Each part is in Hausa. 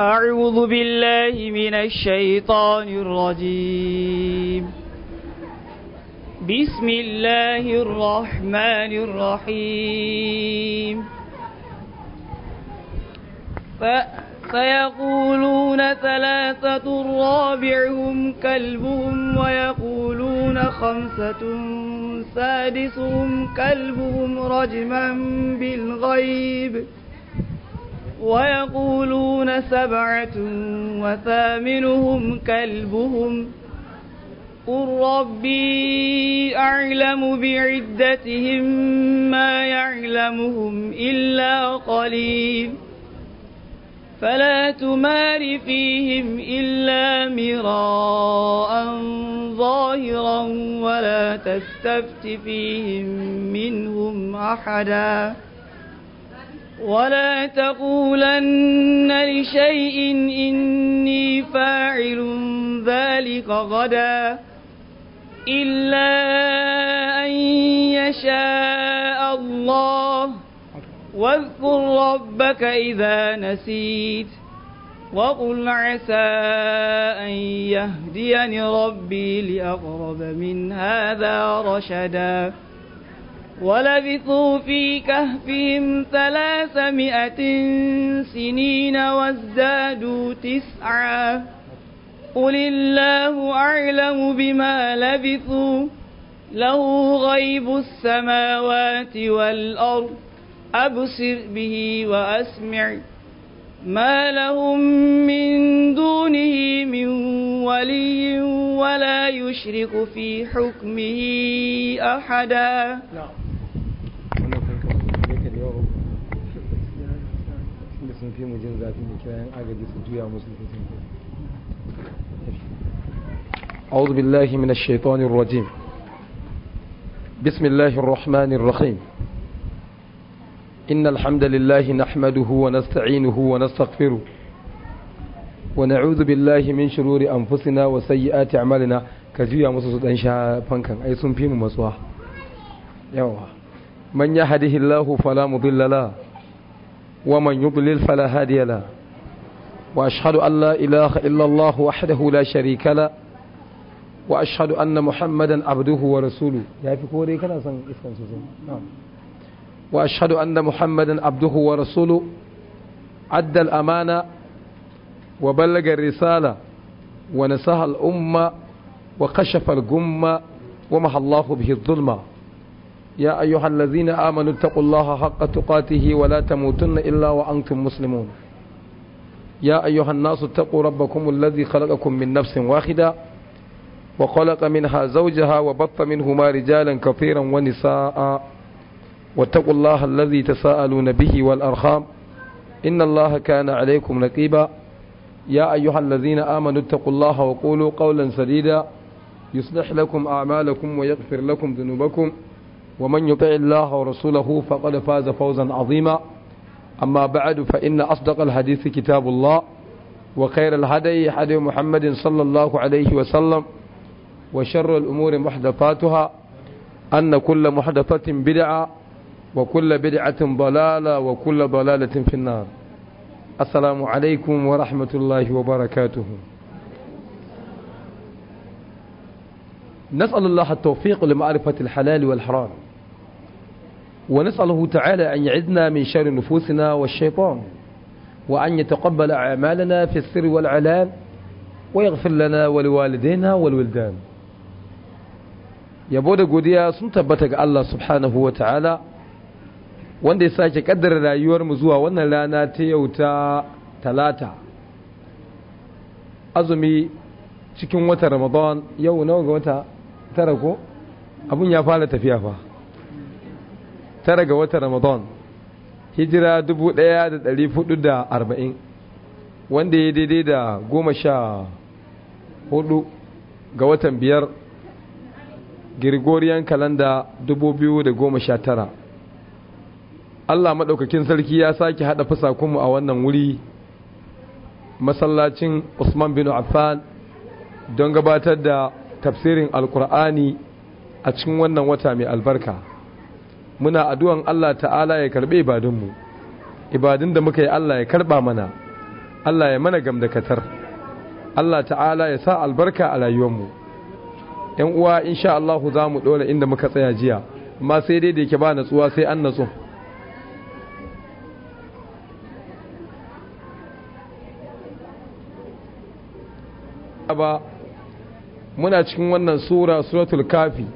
أعوذ بالله من الشيطان الرجيم بسم الله الرحمن الرحيم ف... فيقولون ثلاثة رابعهم كلبهم ويقولون خمسة سادسهم كلبهم رجما بالغيب ۖ ويقولون سبعة وثامنهم كلبهم قل ربي أعلم بعدتهم ما يعلمهم إلا قليل فلا تمار فيهم إلا مراء ظاهرا ولا تستفت فيهم منهم أحداً ولا تقولن لشيء إني فاعل ذلك غدا إلا أن يشاء الله واذكر ربك إذا نسيت وقل عسى أن يهديني ربي لأقرب من هذا رشداً ولبثوا في كهفهم ثلاثمائة سنين وازدادوا تسعا قل الله أعلم بما لبثوا له غيب السماوات والأرض أبصر به وأسمع ما لهم من دونه من ولي ولا يشرك في حكمه أحدا نعم sun fi mu jin zafi mu kira yan agaji su juya musu sun أعوذ بالله من الشيطان الرجيم بسم الله الرحمن الرحيم إن الحمد لله نحمده ونستعينه ونستغفره ونعوذ بالله من شرور أنفسنا وسيئات أعمالنا كجوية مصوصة أنشاء فانكا أي سنفيم مصوح يوه من يهده الله فلا مضل له ومن يضلل فلا هادي له وأشهد أن لا إله إلا الله وحده لا شريك له وأشهد أن محمدا عبده ورسوله يا في كوري كان سن نعم وأشهد أن محمدا عبده ورسوله أدى الأمانة وبلغ الرسالة ونسها الأمة وكشف الجمة ومحى الله به الظلمه يا أيها الذين آمنوا اتقوا الله حق تقاته ولا تموتن إلا وأنتم مسلمون يا أيها الناس اتقوا ربكم الذي خلقكم من نفس واحدة وخلق منها زوجها وبط منهما رجالا كثيرا ونساء واتقوا الله الذي تساءلون به والأرحام إن الله كان عليكم نقيبا يا أيها الذين آمنوا اتقوا الله وقولوا قولا سديدا يصلح لكم أعمالكم ويغفر لكم ذنوبكم ومن يطع الله ورسوله فقد فاز فوزا عظيما أما بعد فإن أصدق الحديث كتاب الله وخير الهدي هدي محمد صلى الله عليه وسلم وشر الأمور محدثاتها أن كل محدثة بدعة وكل بدعة ضلالة وكل ضلالة في النار السلام عليكم ورحمة الله وبركاته نسأل الله التوفيق لمعرفة الحلال والحرام ونسأله تعالى أن يعذنا من شر نفوسنا والشيطان وأن يتقبل أعمالنا في السر والعلان ويغفر لنا ولوالدينا والولدان yabo da godiya sun tabbata ga Allah subhanahu wa ta'ala wanda ya sake kaddara rayuwarmu zuwa wannan rana ta talata azumi cikin wata ramadan yau nawa ga wata tara ko abun ya fara tafiya fa tara ga watan ramadan hijira 1440 wanda ya daidai da goma ga watan biyar Gregorian kalanda 2019 Allah maɗaukakin sarki ya sake haɗa fasakunmu a wannan wuri masallacin Usman bin Affan don gabatar da tafsirin Alkur'ani a cikin wannan wata mai albarka muna addu'an Allah ta'ala ya karbe ibadunmu ibadun da muka yi Allah ya karba mana Allah ya mana gamdakatar Allah ta'ala ya sa albarka a rayuwarmu ‘yan uwa insha Allah za mu ɗora inda muka tsaya jiya amma sai dai da yake ba natsuwa sai an natsu muna cikin wannan sura suratul kafi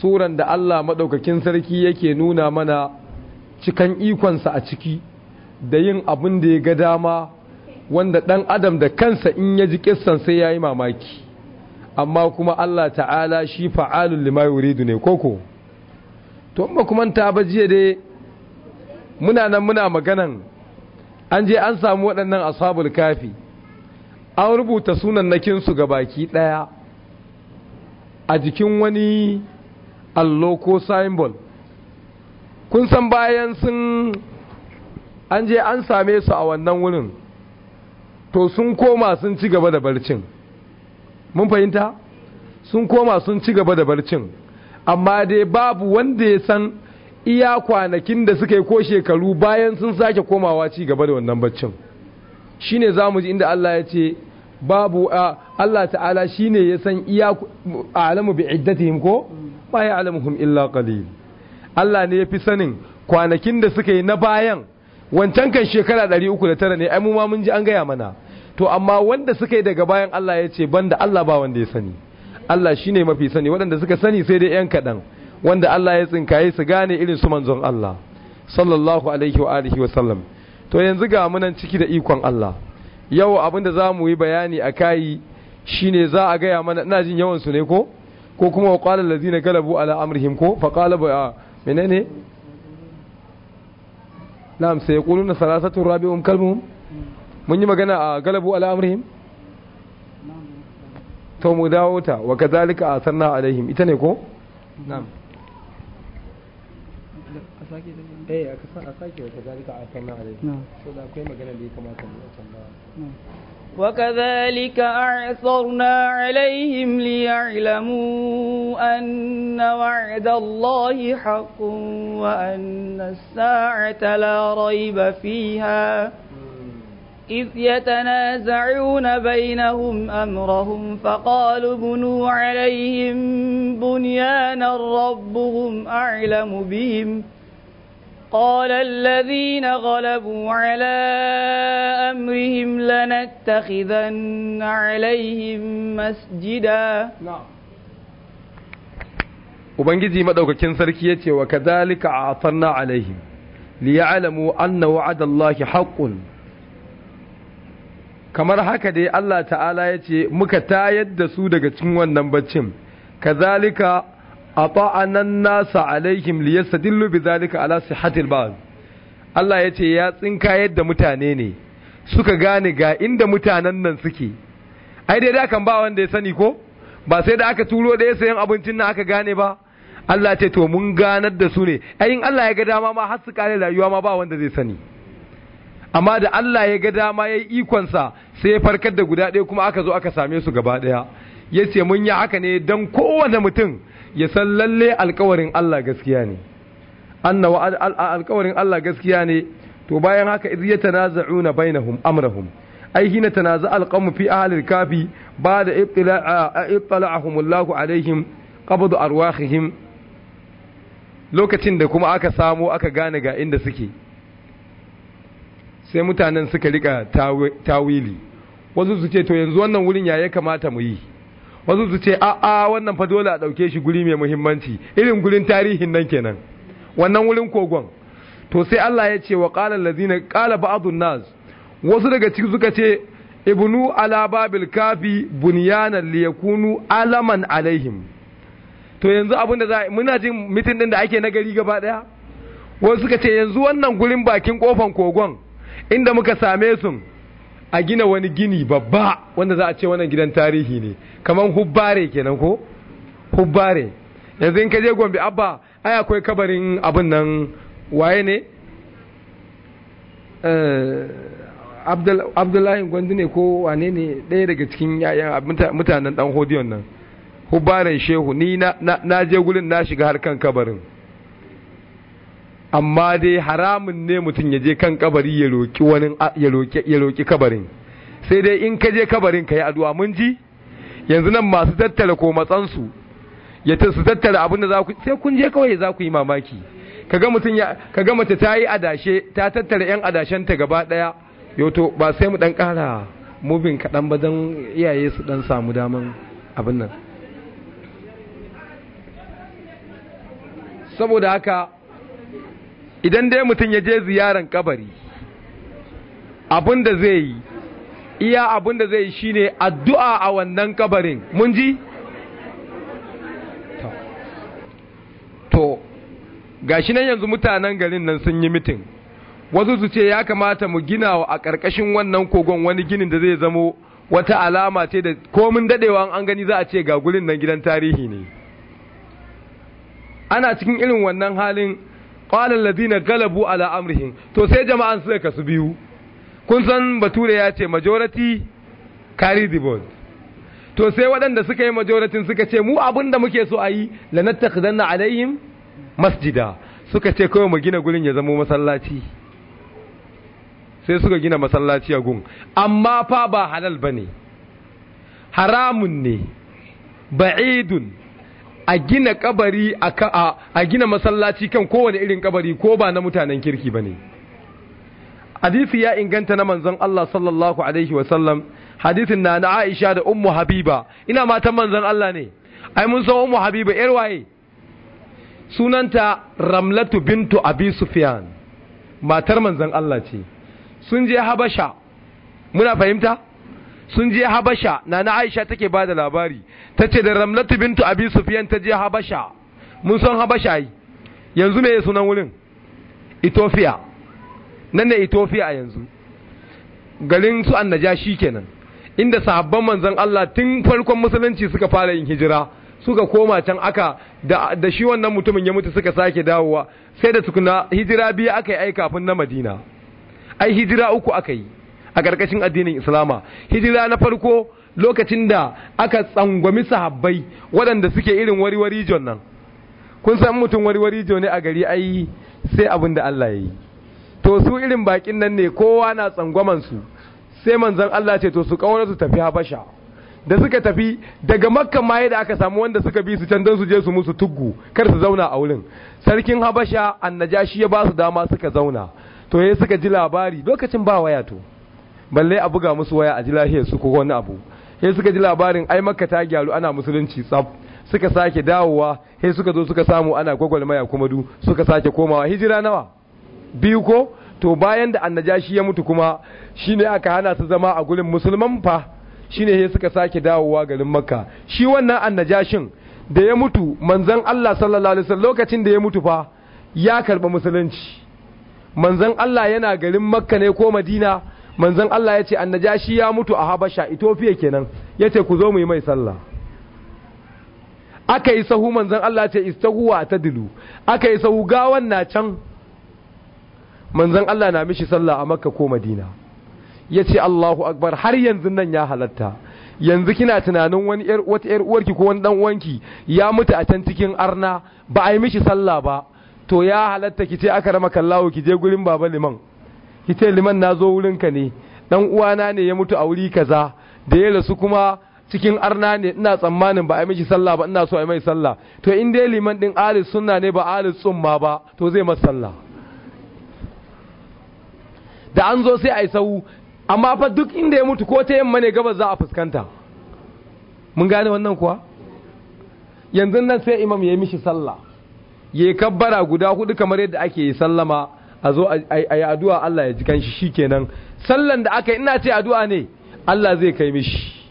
suran da Allah maɗaukakin sarki yake nuna mana cikan ikonsa a ciki da yin abin da ya ga dama wanda ɗan adam da kansa in ya ji kissan sai ya yi mamaki amma kuma Allah ta'ala shi fa'alun lima yuridu ne koko to ba kuma ta ba jiya dai muna nan muna maganan an je an samu waɗannan ashabul kafi an rubuta sunan nakinsu ga baki ɗaya a jikin wani allo ko symbol kun san bayan sun an je an same su a wannan wurin to sun koma sun ci gaba da barcin mun fahimta sun koma sun ci gaba da barcin amma dai babu wanda ya san iya kwanakin da suka yi ko shekaru bayan sun sake komawa ci gaba da wannan ne shine mu ji inda Allah ya ce babu a Allah ta'ala shine ya san iya alamu bi iddatihim ko mm. ba ya alamuhum illa qalil Allah ne ya fi sanin kwanakin da suka yi na bayan wancan kan shekara 309 ne ai mu ma mun ji an gaya mana to amma wanda suka yi daga bayan Allah ya ce banda Allah ba wanda ya sani Allah shine mafi sani waɗanda suka sani sai dai yan kaɗan wanda Allah ya tsinkaye su gane irin su manzon Allah sallallahu alaihi wa alihi wa sallam to yanzu ga munan ciki da ikon Allah yau abinda za mu yi bayani a shine za a gaya mana ina jin yawan su ne ko ko kuma wa qala allazina galabu ala amrihim ko fa qala ba menene na'am sai yaquluna salasatu rabi'um kalbuhum mun yi magana a galabu ala amrihim to mu dawo ta wa kadhalika asarna alaihim ita ne ko na'am eh a sake wa kadhalika asarna alaihim so da akwai magana da ya kamata mu tambaya وكذلك أعثرنا عليهم ليعلموا أن وعد الله حق وأن الساعة لا ريب فيها إذ يتنازعون بينهم أمرهم فقالوا بنوا عليهم بنيانا ربهم أعلم بهم ۖ قال الذين غلبوا على أمرهم لنتخذن عليهم مسجدا Ubangiji maɗaukakin sarki ya ce wa kazalika a atanna alaihim liya'lamu anna wa'adallahi haqqun kamar haka dai Allah ta'ala ya ce muka tayar da su daga cin wannan baccin kazalika ata'ana an-nasa alaihim liyastadillu bidhalika ala sihhatil ba'd Allah yace ya tsinka yadda mutane ne suka gane ga inda mutanen nan suke ai dai da kan ba wanda ya sani ko ba sai da aka turo da ya sayan abincin nan aka gane ba Allah ce to mun ganar da su ne ayin Allah ya ga dama ma har su kare rayuwa ma ba wanda zai sani amma da Allah ya ga dama yayi yi ikonsa sai ya farkar da guda ɗaya kuma aka zo aka same su gaba ɗaya yace ce mun yi haka ne dan kowane mutum ya san lalle alkawarin Allah gaskiya ne anna wa alkawarin Allah gaskiya ne to bayan haka iz tanaza'una bainahum amrahum ai hina tanaza alqamu fi ahli alkafi ba'da ittala'ahum Allahu alaihim qabdu arwahihim lokacin da kuma aka samo aka gane ga inda suke sai mutanen suka rika tawili wasu su ce to yanzu wannan wurin ya ya kamata mu yi wasu su ce a'a wannan fa dole a ɗauke shi guri mai muhimmanci irin gurin tarihin nan kenan wannan wurin kogon to sai Allah ya ce wa qala allazina qala ba'dun nas wasu daga ciki suka ce ibnu ala babil kafi bunyanan liyakunu alaman alaihim to yanzu abin da muna jin mitin din da ake na gari gaba daya wasu suka ce yanzu wannan gurin bakin kofan kogon inda muka same su a gina wani gini babba wanda za a ce wannan gidan tarihi ne kamar hubbare kenan ko hubbare yanzu in ka je gombe abba ai akwai kabarin abin nan waye ne eh, abdullahi gwandu ne ko wane ne ɗaya daga cikin mutanen dan hodiyon nan hubbaren shehu ni na je gulin na shiga harkan kabarin amma dai haramun ne mutum ya je kan kabari ya roki wani ya roki kabarin sai dai in ka je kabarin ka yi addu'a mun ji yanzu nan masu tattara ko matsansu ya su tattara abin da za ku sai kun je kawai za ku yi mamaki kaga mutum ya kaga mace ta yi adashe ta tattara yan adashen ta gaba daya to ba sai mu dan kara mubin kadan ba dan iyaye su dan samu daman abin nan saboda haka idan dai mutum ya je ziyaran kabari abinda zai yi iya abinda zai yi shine addu'a a wannan kabarin mun ji to gashi nan yanzu mutanen garin nan sun yi mitin wasu su ce ya kamata mu gina wa a ƙarƙashin wannan kogon wani ginin da zai zamo wata alama ce da komin dadewa an gani za a ce ga gurin nan gidan tarihi ne ana cikin irin wannan halin qala alladhina galabu ala amrihim to sai jama'an ka su biyu kun san bature ya ce majority carry the vote to sai waɗanda suka yi majoratin suka ce mu abin da muke so a yi lanattakhidanna alaihim masjida suka ce kawai mu gina gurin ya zama masallaci sai suka gina masallaci a gun amma fa ba halal bane haramun ne ba'idun a gina kabari a a gina masallaci kan kowane irin kabari ko ba na mutanen kirki ba ne hadisi ya inganta na manzon Allah sallallahu alaihi wasallam hadisin na na Aisha da Ummu Habiba ina matan manzon Allah ne ai mun san Ummu Habiba yar waye sunanta Ramlatu bintu Abi Sufyan matar manzon Allah ce sun je Habasha muna fahimta sun je habasha na na aisha take ba da labari ta ce da ramlatu bintu abi sufiyan ta je habasha mun san habasha yi yanzu me sunan wurin ethiopia nan ne ethiopia a yanzu garin su annajashi kenan inda sahabban manzon Allah tun farkon musulunci suka fara yin hijira suka koma can aka da, shi wannan mutumin ya mutu suka sake dawowa sai da tukuna hijira biyu aka yi aika kafin na madina ai hijira uku aka yi a ƙarƙashin addinin islama hijira na farko lokacin da aka tsangwami sahabbai waɗanda suke irin wariwari jon nan kun san mutum wariwari jon ne a gari ai sai abin da Allah ya yi to su irin bakin nan ne kowa na tsangwaman su sai manzon Allah ce to su kaura su tafi Habasha da suka tafi daga makka ma da aka samu wanda suka bi su can don su je su musu tuggu kar su zauna a wurin sarkin habasha annajashi ya ba su dama suka zauna to ya suka ji labari lokacin ba waya to balle a buga musu waya a ji lafiyar su ko wani abu sai suka ji labarin ai makka ta gyaru ana musulunci tsaf suka sake dawowa sai suka zo suka samu ana gwagwalmaya kuma du suka sake komawa hijira nawa biyu ko to bayan da annajashi ya mutu kuma shine aka hana su zama a gurin musulman fa shine sai suka sake dawowa garin makka shi wannan annajashin da ya mutu manzon Allah sallallahu alaihi wasallam lokacin da ya mutu fa ya karba musulunci manzon Allah yana garin makka ne ko madina manzon Allah ya ce annajashi ya mutu a habasha ethiopia kenan ya ce ku zo mu yi mai sallah aka yi sahu manzon Allah ce istahuwa ta dilu aka yi sahu gawan na can manzon Allah na mishi sallah a makka ko madina ya ce Allahu akbar har yanzu nan ya halatta yanzu kina tunanin wani wata ‘yar uwarki ko wani ɗan uwanki ya mutu a can cikin arna ba a yi mishi sallah ba to ya halatta ki ce aka rama kallawo ki je gurin baba liman ki ce liman na zo wurinka ne dan uwana ne ya mutu a wuri kaza da ya rasu kuma cikin arna ne ina tsammanin ba a yi miki sallah ba ina so a yi mai sallah to in dai liman din alis sunna ne ba alis tsumma ba to zai masa sallah da an zo sai a yi sau amma fa duk inda ya mutu ko ta yamma ne gabas za a fuskanta mun gane wannan kuwa yanzu nan sai imam ya yi mishi sallah ya yi kabbara guda hudu kamar yadda ake yi sallama a zo a yi addu'a Allah ya ji kanshi kenan sallan da aka yi ina ce addu'a ne Allah zai kai mishi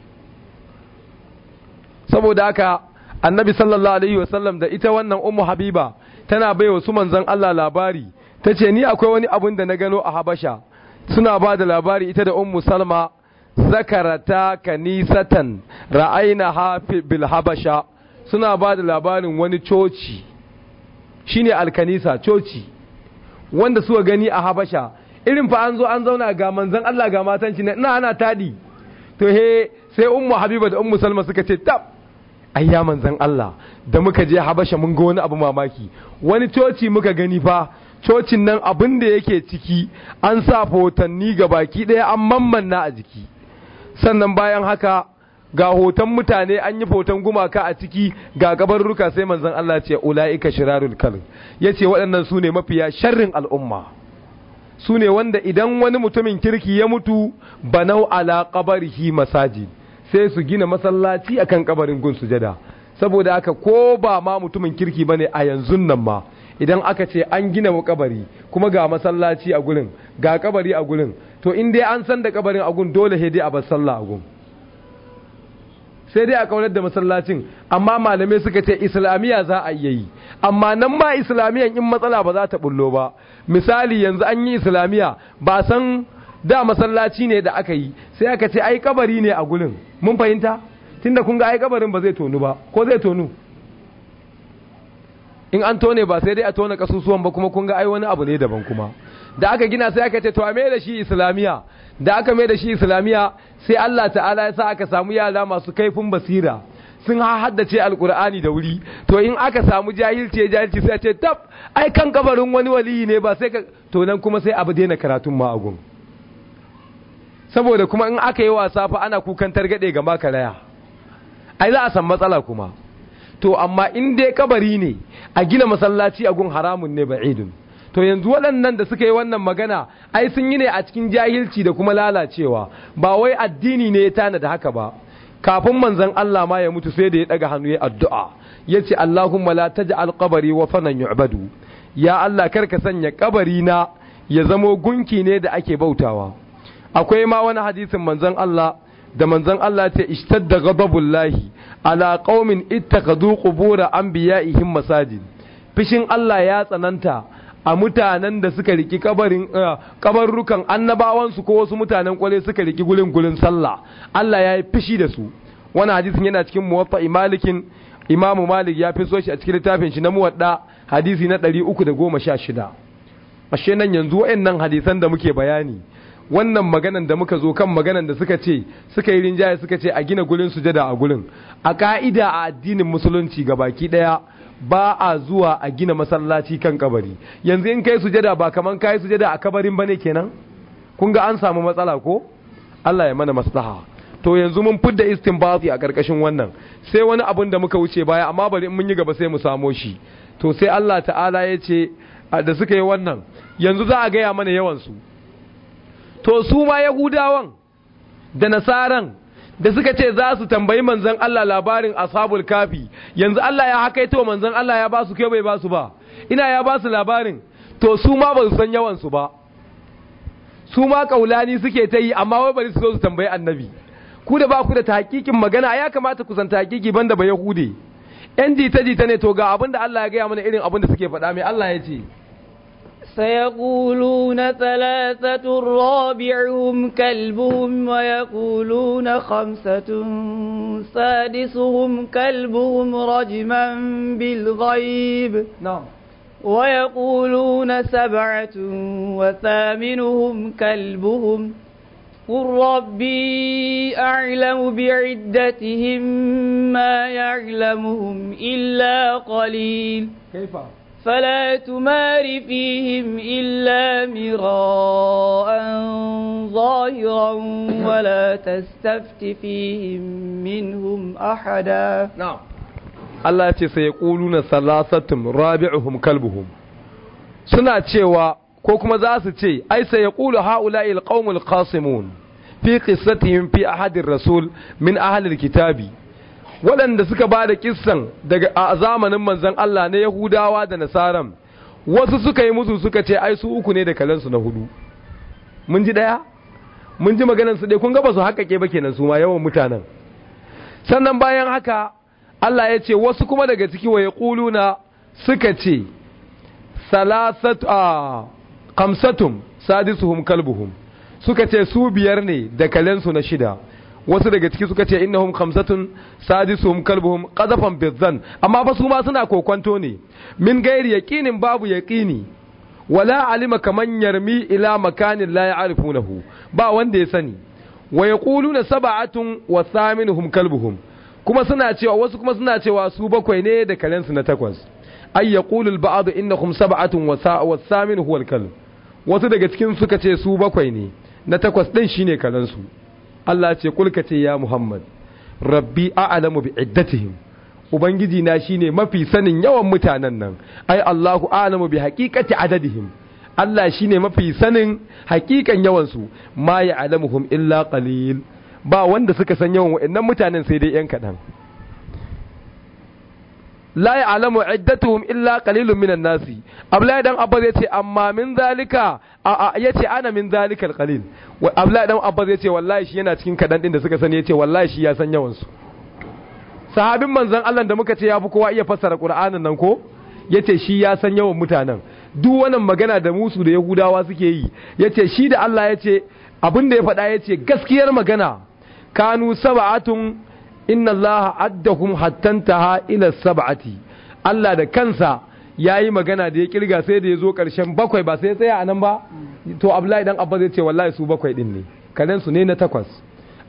saboda aka annabi sallallahu alaihi wasallam da ita wannan umu habiba tana bai wasu zan Allah labari ta ce ni akwai wani abun da na gano a habasha suna ba da labari ita da umu salma zakarata kanisatan ra'aina hafi bil habasha suna ba da labarin wani coci shine alkanisa coci wanda suka gani a habasha irin fa an zo an zauna ga manzan Allah ga matan shi na ana tadi to he sai ummu habiba da ummu salma suka ce tab ayya manzan Allah da muka je habasha mun ga wani abu mamaki wani coci muka gani fa cocin nan abin da yake ciki an sa fotanni ga baki ɗaya an na a jiki sannan bayan haka ga hoton mutane an yi hoton gumaka a ciki ga ruka sai manzon Allah ce ulaika shirarul kal yace waɗannan su ne mafiya sharrin al'umma Su ne wanda idan wani mutumin kirki ya mutu banau ala qabrihi masajid sai su gina masallaci akan kabarin gun sujada saboda haka ko ba ma mutumin kirki bane a yanzu nan ma idan aka ce an gina wa kabari kuma ga masallaci a gurin ga kabari a gurin to in dai an san da kabarin a gun dole hede a bar sallah a gun sai dai a kaunar da masallacin amma malamai suka ce islamiyya za a iya yi amma nan ma islamiyyan in matsala ba za ta bullo ba misali yanzu an yi islamiyya ba san da masallaci ne da aka yi sai aka ce ai kabari ne a gulin mun fahimta tunda kun ga ai kabarin ba zai tonu ba ko zai tonu in an tone ba sai dai a tona kasusuwan ba kuma kun ga ai wani abu ne daban kuma da aka gina sai aka ce to a da shi islamiya da aka mai da shi islamiya sai Allah ta'ala ya sa aka samu yara masu kaifin basira sun haddace alkur'ani da wuri to in aka samu jahilci ya jahilci sai ce tab ai kan kabarin wani waliyi ne ba sai ka to nan kuma sai abu daina karatun ma agun saboda kuma in aka yi wasa fa ana kukan targade ga makaraya ai za a san matsala kuma to amma in dai kabari ne a gina masallaci agun haramun ne ba'idun to yanzu waɗannan da suka yi wannan magana ai sun yi ne a cikin jahilci da kuma lalacewa ba wai addini ne ya tana da haka ba kafin manzan Allah ma ya mutu sai da ya ɗaga hannu ya addu'a ya ce, Allahumma la taja alƙabari wa fanan yu'badu ya Allah kar ka sanya ƙabari na ya zamo gunki ne da ake bautawa akwai ma wani hadisin manzan Allah da manzan Allah ce ishtadda ghadabullahi ala qaumin an biya anbiya'ihim masajid fishin Allah ya tsananta a mutanen da suka riki kabarin eh, kabarrukan annabawansu ko wasu mutanen kwale suka riki gulin gulin sallah Allah ya yi fishi da su wani hadisin yana cikin muwaffa imalikin imamu malik ya fi so shi a cikin littafin shi na muwadda hadisi na 316 ashe nan yanzu wayannan hadisan da muke bayani wannan maganan da muka zo kan maganan da suka ce suka yi rinjaye suka ce a gina gulin sujada a gulin a ka'ida a addinin musulunci ga baki daya ba a zuwa a gina masallaci kan kabari yanzu in kai sujada ba kaman kai sujada a kabarin bane kenan kun ga an samu matsala ko Allah ya mana maslaha to yanzu mun fidda istinbati a karkashin wannan sai wani abin da muka wuce baya amma bari in mun yi gaba sai mu samo shi to sai Allah ta'ala ya ce da suka yi wannan yanzu za a gaya mana yawansu to su ma yahudawan da nasaran da suka ce za su tambayi manzan Allah labarin ashabul kafi yanzu Allah ya hakaito manzan Allah ya ba su kai bai ba su ba ina ya ba su labarin to su ma ba su san yawan su ba su ma kaulani suke ta yi amma wai bari su zo su tambayi annabi ku da ba ku da tahqiqin magana ya kamata ku san tahqiqi banda ba yahude yan jita jita ne to ga abin da Allah ya gaya mana irin abin da suke faɗa mai Allah ya ce سيقولون ثلاثة رابعهم كلبهم ويقولون خمسة سادسهم كلبهم رجما بالغيب نعم ويقولون سبعة وثامنهم كلبهم قل ربي أعلم بعدتهم ما يعلمهم إلا قليل كيف فلا تمار فيهم إلا مراء ظاهرا ولا تستفت فيهم منهم أحدا نعم الله يتي سيقولون ثلاثتهم رابعهم كلبهم سنة تيوى كوكما ذاس تي أي سيقول هؤلاء القوم القاسمون في قصتهم في أحد الرسول من أهل الكتابي waɗanda suka ba da kissan daga a zamanin manzan Allah na Yahudawa da Nasaran wasu suka yi musu suka ce ai su uku ne da kalansu na hudu mun ji ɗaya mun ji maganar su dai kun ga ba su haƙaƙe ba kenan su ma yawan mutanen sannan bayan haka Allah ya ce wasu kuma daga ciki wa kuluna suka ce salasatu a kamsatum sadisuhum kalbuhum suka ce su biyar ne da kalansu na shida wasu daga ciki suka ce innahum khamsatun sadisuhum kalbuhum qadafan bizan amma fa su ma suna kokwanto ne min gairi yaqinin babu yaqini wala alima kaman yarmi ila makanin la ya'rifunahu ba wanda ya sani wa yaquluna sab'atun wa thaminuhum kalbuhum kuma suna cewa wasu kuma suna cewa su bakwai ne da kalansu na takwas ay yaqulu al ba'd innahum sab'atun wa thaminuhu al kalb wasu daga cikin suka ce su bakwai ne na takwas din shine kalansu. Allah ce kulka ce ya Muhammad rabbi a'lamu bi iddatihim ubangiji na shine mafi sanin yawan mutanen nan ai Allahu a'lamu bi haqiqati adadihim Allah shine mafi sanin haƙiƙan yawan su ma ya'lamuhum illa qalil ba wanda suka san yawan wa'annan mutanen sai dai yan kadan la alamu iddatuhum illa qalilun minan nasi abla dan abbas yace amma min zalika yace ana min zalikal qalil abla dan abbas yace wallahi shi yana cikin kadan din da suka sani yace wallahi shi ya san yawan su sahabin manzon Allah da muka ce ya fi kowa iya fassara Qur'anin nan ko yace shi ya san yawan mutanen duk wannan magana da musu da yahudawa suke yi yace shi da Allah yace abin da ya faɗa yace gaskiyar magana kanu sab'atun inna allaha addahum hattantaha ila sab'ati Allah da kansa yayi magana da ya kirga sai da yazo karshen bakwai ba sai ya tsaya anan ba to Abdullahi dan Abba zai ce wallahi su bakwai din ne kalan su ne na takwas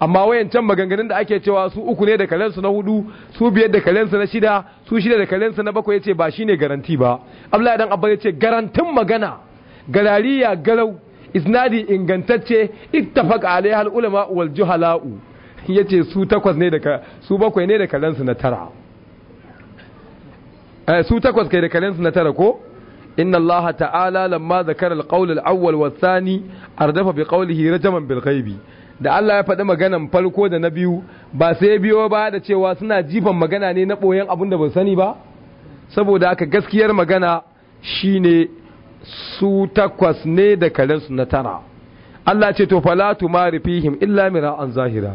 amma wayancan maganganun da ake cewa su uku ne da kalan su na hudu su biyar da kalan su na shida su shida da kalan su na bakwai yace ba shine garanti ba Abdullahi dan Abba yace garantin magana galariya galau isnadi ingantacce ittafaq alaiha al ulama wal juhala'u ya ce su takwas ne daga su bakwai ne da kalansu na tara eh, su takwas kai da kalansu na tara ko inna allaha ta'ala lamma zakara alqawl alawwal wasani ardafa biqawlihi rajaman bilghaibi da Allah ya faɗi maganan farko da na biyu ba sai biyo ba da cewa suna jifan magana ne na boyen abin da ban sani ba saboda aka gaskiyar magana shine su takwas ne da kalansu na tara Allah ce to Falatu tumari fihim illa mira'an zahira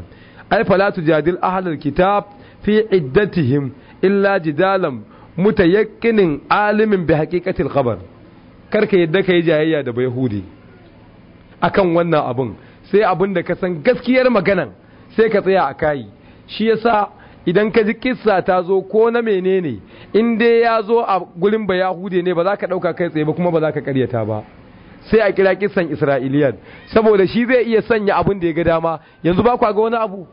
ai fala tujadil ahlul kitab fi iddatihim illa jidalan mutayakkinin alimin bi haqiqatil khabar karka yadda kai jayayya da bayhudi akan wannan abun sai abun da ka san gaskiyar maganan sai ka tsaya a kai shi yasa idan ka ji kissa ta zo ko na menene in dai ya zo a gurin bayahude ne ba za ka ɗauka kai tsaye ba kuma ba za ka karyata ba sai a kira kissan isra'iliyan saboda shi zai iya sanya abun da ya ga dama yanzu ba ku ga wani abu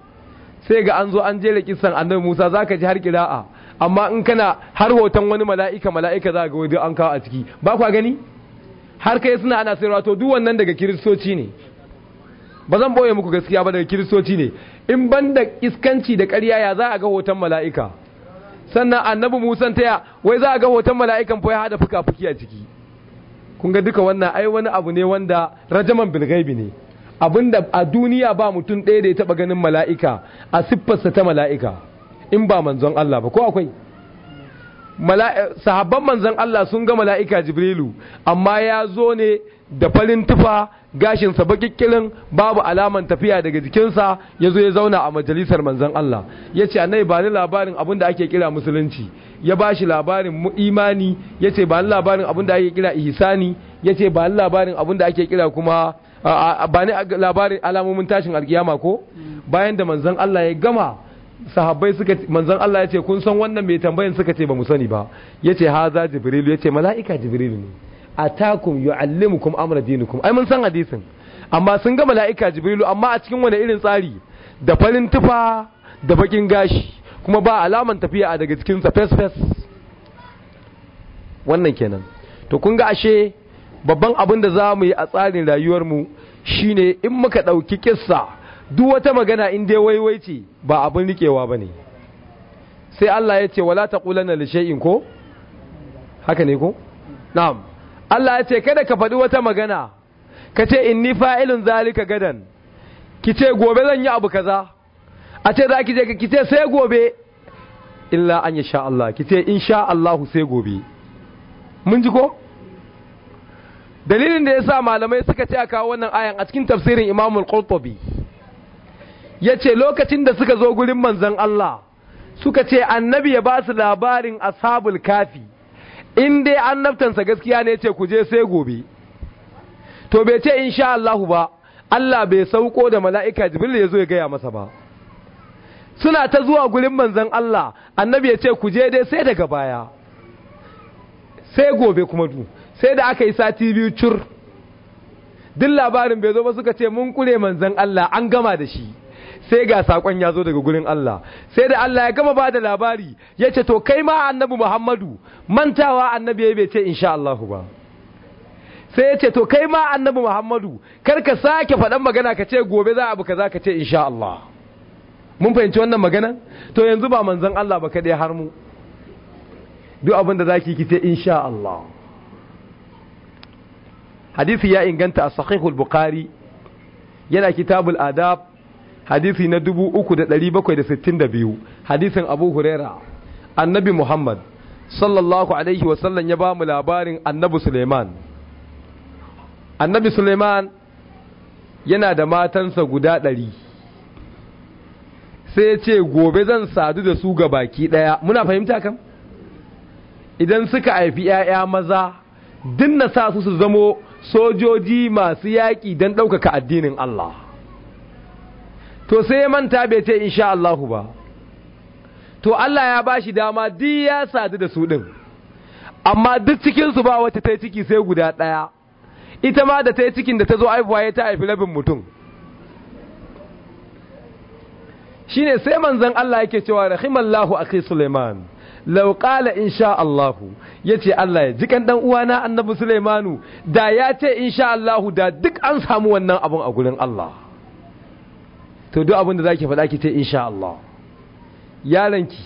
sai ga an zo an jera kissan annabi Musa zaka ji har kira'a amma in kana har hoton wani mala'ika mala'ika za ga wajen an kawo a ciki ba kwa gani har kai suna ana sayarwa to duk wannan daga kiristoci ne ba zan boye muku gaskiya ba daga kiristoci ne in ban da iskanci da ƙarya ya za a ga hoton mala'ika sannan annabi musan taya wai za a ga hoton mala'ikan fa ya hada fuka-fuki a ciki kun ga duka wannan ai wani abu ne wanda rajaman bilgaibi ne abinda a duniya ba mutum ɗaya da ya taɓa ganin mala'ika a siffarsa ta mala'ika in ba manzon Allah ba ko akwai sahabban manzon Allah sun ga mala'ika jibrilu amma ya zo ne da farin tufa gashinsa bakikkirin babu alaman tafiya daga jikinsa ya zo ya zauna a majalisar manzon Allah ya ce annai ba ni labarin abin da ake kira musulunci ya ba shi labarin imani ya ce ba ni labarin abin da ake kira ihisani ya ce ba ni labarin abin da ake kira kuma ba ne labarin alamomin tashin alkiyama ko bayan da manzan Allah ya gama sahabbai suka manzan Allah ya ce kun san wannan mai tambayan suka ce ba mu sani ba Ya ce haza jibrilu ce mala'ika jibrilu ne atakum yuallimukum amra dinikum ai mun san hadisin amma sun ga mala'ika jibrilu amma a cikin wani irin tsari da farin tufa da bakin gashi kuma ba alaman tafiya daga cikin sa fes fes wannan kenan to kun ga ashe babban abin da za mu yi a tsarin rayuwarmu shine shine in muka ɗauki kissa duk wata magana in dai waiwai ba abin riƙewa ba ne sai Allah ya ce wala ta ƙulana lishe'in ko? haka ne ko? na'am Allah ya ce kada ka faɗi wata magana ka ce in ni fa'ilin zalika gadan ki ce gobe zan yi abu kaza a ce za ki je ki ce sai gobe illa an yasha Allah ki ce in sha Allah sai gobe mun ji ko? dalilin da ya sa malamai suka ce a kawo wannan ayan a cikin tafsirin Imam al ya ce lokacin da suka zo gurin manzan Allah suka ce annabi ya ba su labarin ashabul kafi in dai annabtansa gaskiya ne ce kuje sai gobe to bai ce insha Allah ba Allah bai sauko da mala'ika Jibril ya zo ya gaya masa ba suna ta zuwa gurin manzan Allah annabi ya ce kuje dai sai daga baya sai gobe kuma du sai da aka yi sati biyu cur duk labarin bai zo ba suka ce mun kure manzan Allah an gama da shi sai ga sakon ya zo daga gurin Allah sai da Allah ya gama ba da labari ya ce to kai ma annabi Muhammadu mantawa annabi ya bai ce insha Allah ba sai ya ce to kai ma annabi Muhammadu kar ka sake faɗan magana ka ce gobe za a abu kaza ka ce insha Allah mun fahimci wannan magana to yanzu ba manzon Allah ba kaɗai har mu duk abin da zaki ki ce insha Allah hadisi ya inganta a sahihul bukhari yana kitabul adab hadisi na 3762 hadisin abu huraira annabi muhammad sallallahu alaihi wasallam ya ba mu labarin annabi suleiman annabi suleiman yana da matansa guda ɗari sai ce gobe zan sadu da su ga baki daya muna fahimta kam idan suka haifi ‘ya'ya maza dinna sa su su zamo sojoji masu yaƙi don ɗaukaka addinin Allah to sai ya manta bai ce in sha Allahu ba to Allah ya bashi dama duk ya sadu da su ɗin, amma duk cikinsu ba wata ta yi ciki sai guda ɗaya ita ma da ta yi cikin da ta zo haifuwa ya ta haifi rabin mutum shine sai manzon Allah yake cewa rahimallahu akhi Sulaiman law qala insha Allah yace Allah ya jikan dan uwana annabi Sulaimanu da ya ce insha Allah da duk an samu wannan abun a gurin Allah to duk abin da zaki faɗa ki in sha Allah yaranki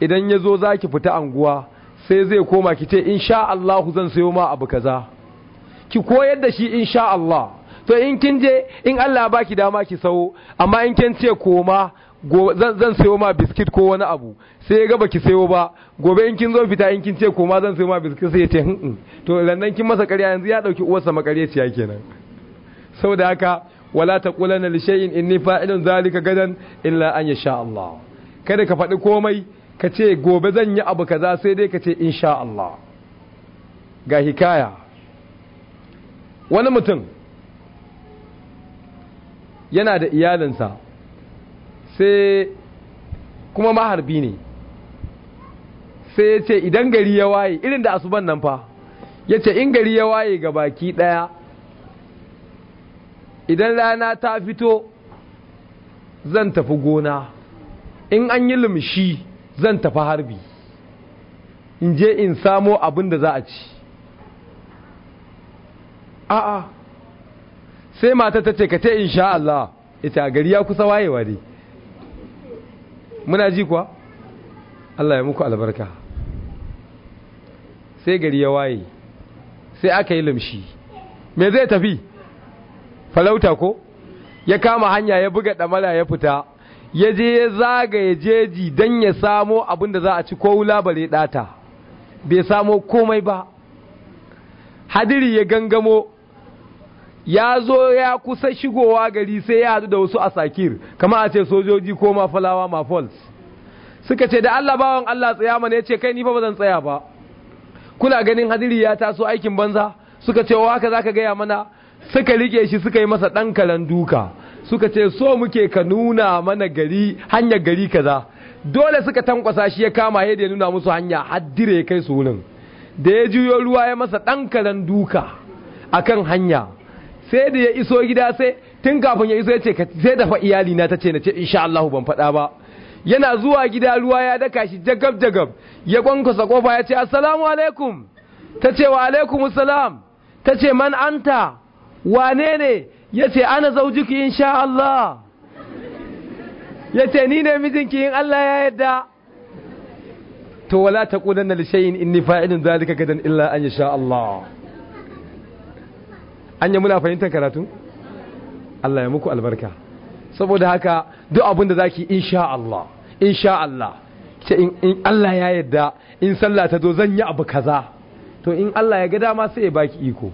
idan yazo zaki fita anguwa sai zai koma ki ce insha Allah zan sayo ma abu kaza ki koyar da shi insha Allah to in kin je in Allah baki dama ki sawo amma in kin ce koma zan sayo ma biskit ko wani abu sai ya ga ki sayo ba gobe in kin zo fita in kin ce ko ma zan sayo ma biskit sai ya ce hin hmm, hmm. to lannan kin masa ƙarya yanzu ya dauki uwarsa makaryaciya kenan saboda haka wala taqulanna li shay'in inni fa'ilun zalika gadan illa an yasha Allah kada ka faɗi komai ka ce gobe zan yi abu kaza sai dai ka ce insha Allah ga hikaya wani mutum yana da iyalinsa sai kuma maharbi ne sai ya ce idan gari ya waye irin da asuban nan fa ya ce in gari ya waye ga baki ɗaya idan rana ta fito zan tafi gona in an yi lumshi zan tafi harbi in je in samo abin da za a ci a'a sai mata ta ce ka in insha Allah ita gari ya kusa wayewa dai muna ji kuwa Allah ya muku albarka sai gari ya waye sai aka yi lamshi me zai tafi falauta ko ya kama hanya ya buga damala ya fita ya je ya zagaye jeji don ya samo abin da za a ci ko wula bare ɗata. bai samo komai ba hadiri ya gangamo ya zo ya kusa shigowa gari sai ya hadu da wasu asakir kama a ce sojoji ko mafalawa mafals suka ce da Allah bawan Allah tsaya mana ya ce kai ni fa ba tsaya ba kula ganin hadiri ya taso aikin banza suka ce wa haka zaka gaya mana suka rike shi suka yi masa ɗan kalan duka suka ce so muke ka nuna mana gari hanyar gari kaza dole suka tankwasa shi ya kama yadda ya nuna musu hanya haddire kai su wurin da ya juyo ruwa ya masa ɗan kalan duka akan hanya sai da ya iso gida sai tun kafin ya iso ya ce sai dafa iyali na ta ce na ce insha Allah ban faɗa ba yana zuwa gida ruwa ya daka shi jagab jagab ya kwankwasa kofa ya ce assalamu alaikum ta ce wa alaikum salam ta ce man anta wane ne ya ce ana zaujiki insha Allah ya ce ni ne mijinki in Allah ya yadda to wala taqulanna li shay'in inni fa'ilun dhalika gadan illa an yasha Allah an yi muna fahimtar karatu Allah ya muku albarka saboda haka duk abin da zaki insha Allah insha Allah ce in Allah ya yadda in sallah ta zo zan yi abu kaza to in Allah ya ga dama sai ya baki iko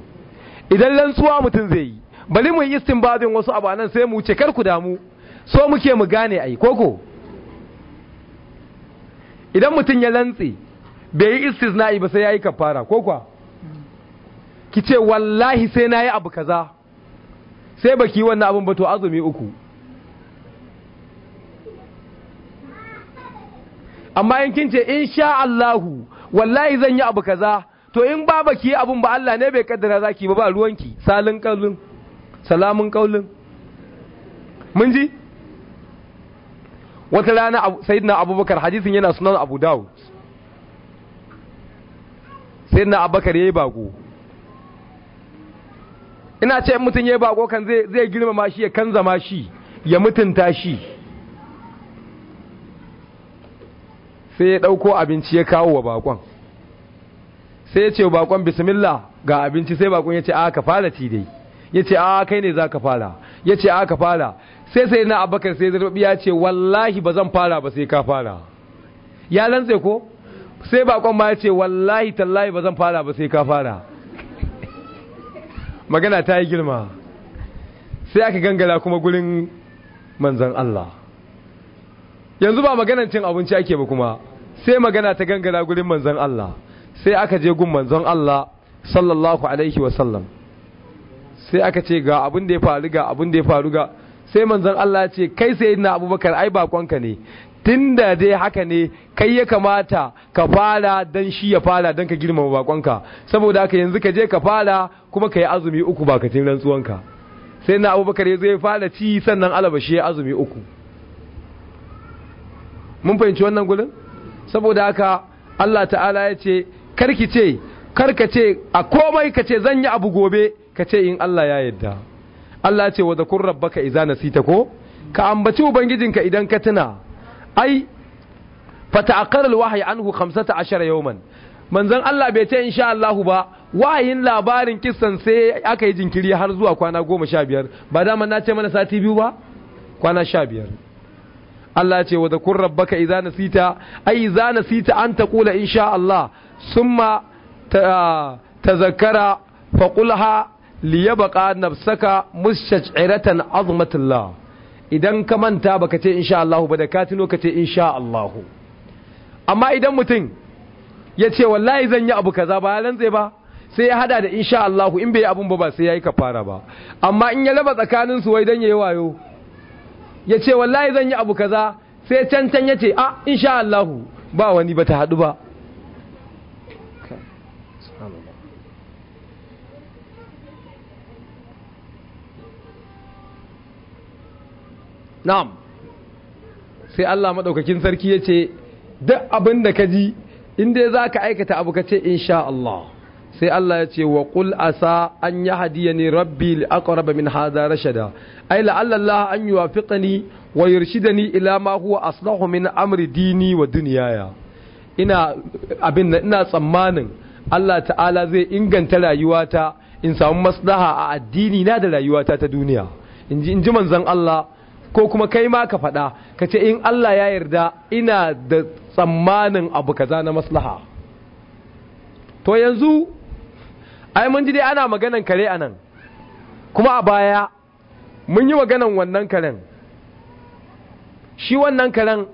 idan lantsuwa mutum zai yi bali mu yi istinbadin wasu abanan nan sai mu ce kar ku damu so muke mu gane ai koko idan mutum ya lantsi bai yi istisna'i ba sai yayi kafara ko ki ce wallahi sai na yi abu kaza sai baki wannan abin ba to azumi uku amma in kin ce in sha Allahu wallahi zan yi abu kaza to in ba baki abin ba Allah ne bai kaddara zaki ba ba ruwanki salin kaulin salamun kaulin mun ji wata rana sayyidina abubakar hadisin yana sunan abu dawud sayyidina abubakar yayi bago ina ce mutum ya bako kan zai girmama shi ya zama shi ya mutunta shi sai ya ɗauko abinci ya kawo wa bakon sai ya ce wa bakon bismillah ga abinci sai bakon ya ce a ka fara ci dai ya ce a kai ne za ka fara ya ce a ka fara sai sai na abakar sai zarbi ya ce wallahi ba zan fara ba sai ka fara ya lantse ko sai bakon ma ya ce wallahi tallahi ba zan fara ba sai ka fara magana ta yi girma sai aka gangara kuma gurin manzan Allah yanzu ba maganan cin abinci ake ba kuma sai magana ta gangara gurin manzan Allah sai aka je gun manzan Allah sallallahu alaihi wasallam sai aka ce ga abin da ya faru ga abin da ya faru ga sai manzan Allah ya ce kai sai na abubakar ai bakonka ne tunda dai haka ne kai ya kamata ka fara dan shi ya fara dan ka girmama bakonka saboda haka yanzu ka je ka fara kuma ka yi azumi uku ba ka tsuwanka sai na abubakar ya zo ya fara ci sannan alabashi ya azumi uku mun fahimci wannan gudun saboda haka Allah ta'ala ya ce karki ce karka ce a komai ka ce zan yi abu gobe ka ce in Allah ya yadda Allah ce wa rabba rabbaka idza nasita ko ka ambaci ubangijinka idan ka tuna ai fata'akkar alwahyi anhu 15 yawman manzon Allah bai ce insha Allah ba wahayin labarin kissan sai aka yi jinkiri har zuwa kwana 15 ba dama na ce mana sati biyu ba kwana 15 Allah ce wa zakur rabbaka idza nasita ai idza nasita an taqula insha Allah summa tazakkara qulha liyabqa nafsaka mushajiratan azmatullah idan ka manta ba ka ce insha Allah ba da ka tuno ka ce insha Allah amma idan mutum ya ce wallahi zan yi abu kaza ba ya rantse ba sai ya hada da insha Allah in bai yi abun ba ba sai yayi kafara ba amma in ya raba tsakanin su wai dan yayi wayo ya ce wallahi zan yi abu kaza sai cancan ya ce a ah, insha Allah ba wani ba ta hadu ba na'am sai Allah madaukakin sarki yace duk abin da ka ji in dai zaka aikata abu ka ce insha Allah sai Allah ya ce wa qul asa an yahdiyani rabbi li aqrab min hadha rashada ai la Allah an yuwafiqani wa yurshidani ila ma huwa aslahu min amri dini wa dunyaya ina abin ina tsammanin Allah ta'ala zai inganta rayuwata in samu maslaha a addini na da rayuwata ta duniya in ji manzon Allah ko kuma kai ma ka faɗa ka ce in Allah ya yarda ina da tsammanin abu kaza na maslaha to yanzu ai mun ji dai ana maganan kare anan kuma a baya mun yi maganan wannan karen shi wannan karen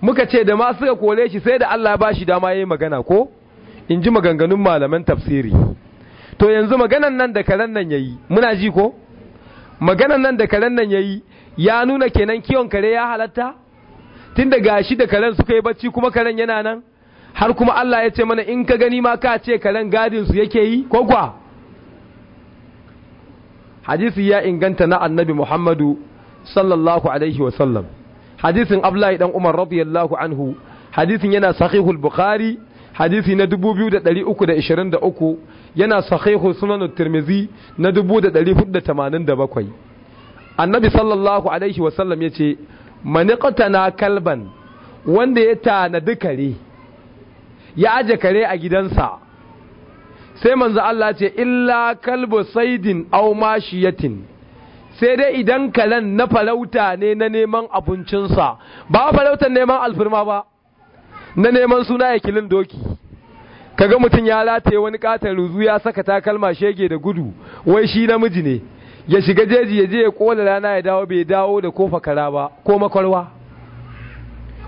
muka ce da ma suka kore shi sai da Allah ba shi dama yi magana ko in ji maganganun malaman tafsiri to yanzu maganan nan da karen nan yayi muna ji ko maganan nan da karen nan yayi ya nuna kenan kiwon kare ya halatta tun da gashi da karen suka yi bacci kuma karen yana nan har kuma Allah ya ce mana in ka gani ma ka ce karen gadin su yake yi ko kwa hadisi ya inganta na annabi Muhammadu sallallahu alaihi wasallam hadisin Abdullahi dan Umar radiyallahu anhu hadisin yana sahihul bukhari hadisi na 2323 yana sahihu sunan tirmizi na 1487 annabi sallallahu alaihi wasallam ya ce na kalban wanda ya tanadi kare ya aje kare a gidansa sai manzu Allah ce illa kalbo saidin aw mashiyatin sai dai idan kalan na farauta ne na neman abincinsa ba farautar neman alfirma ba na neman suna ya kilin doki kaga mutum ya lataye wani katon ruzu ya saka takalma shege da gudu wai shi namiji ne ya shiga jeji ya je ya kola rana ya dawo bai dawo da kofa kara ba ko makwarwa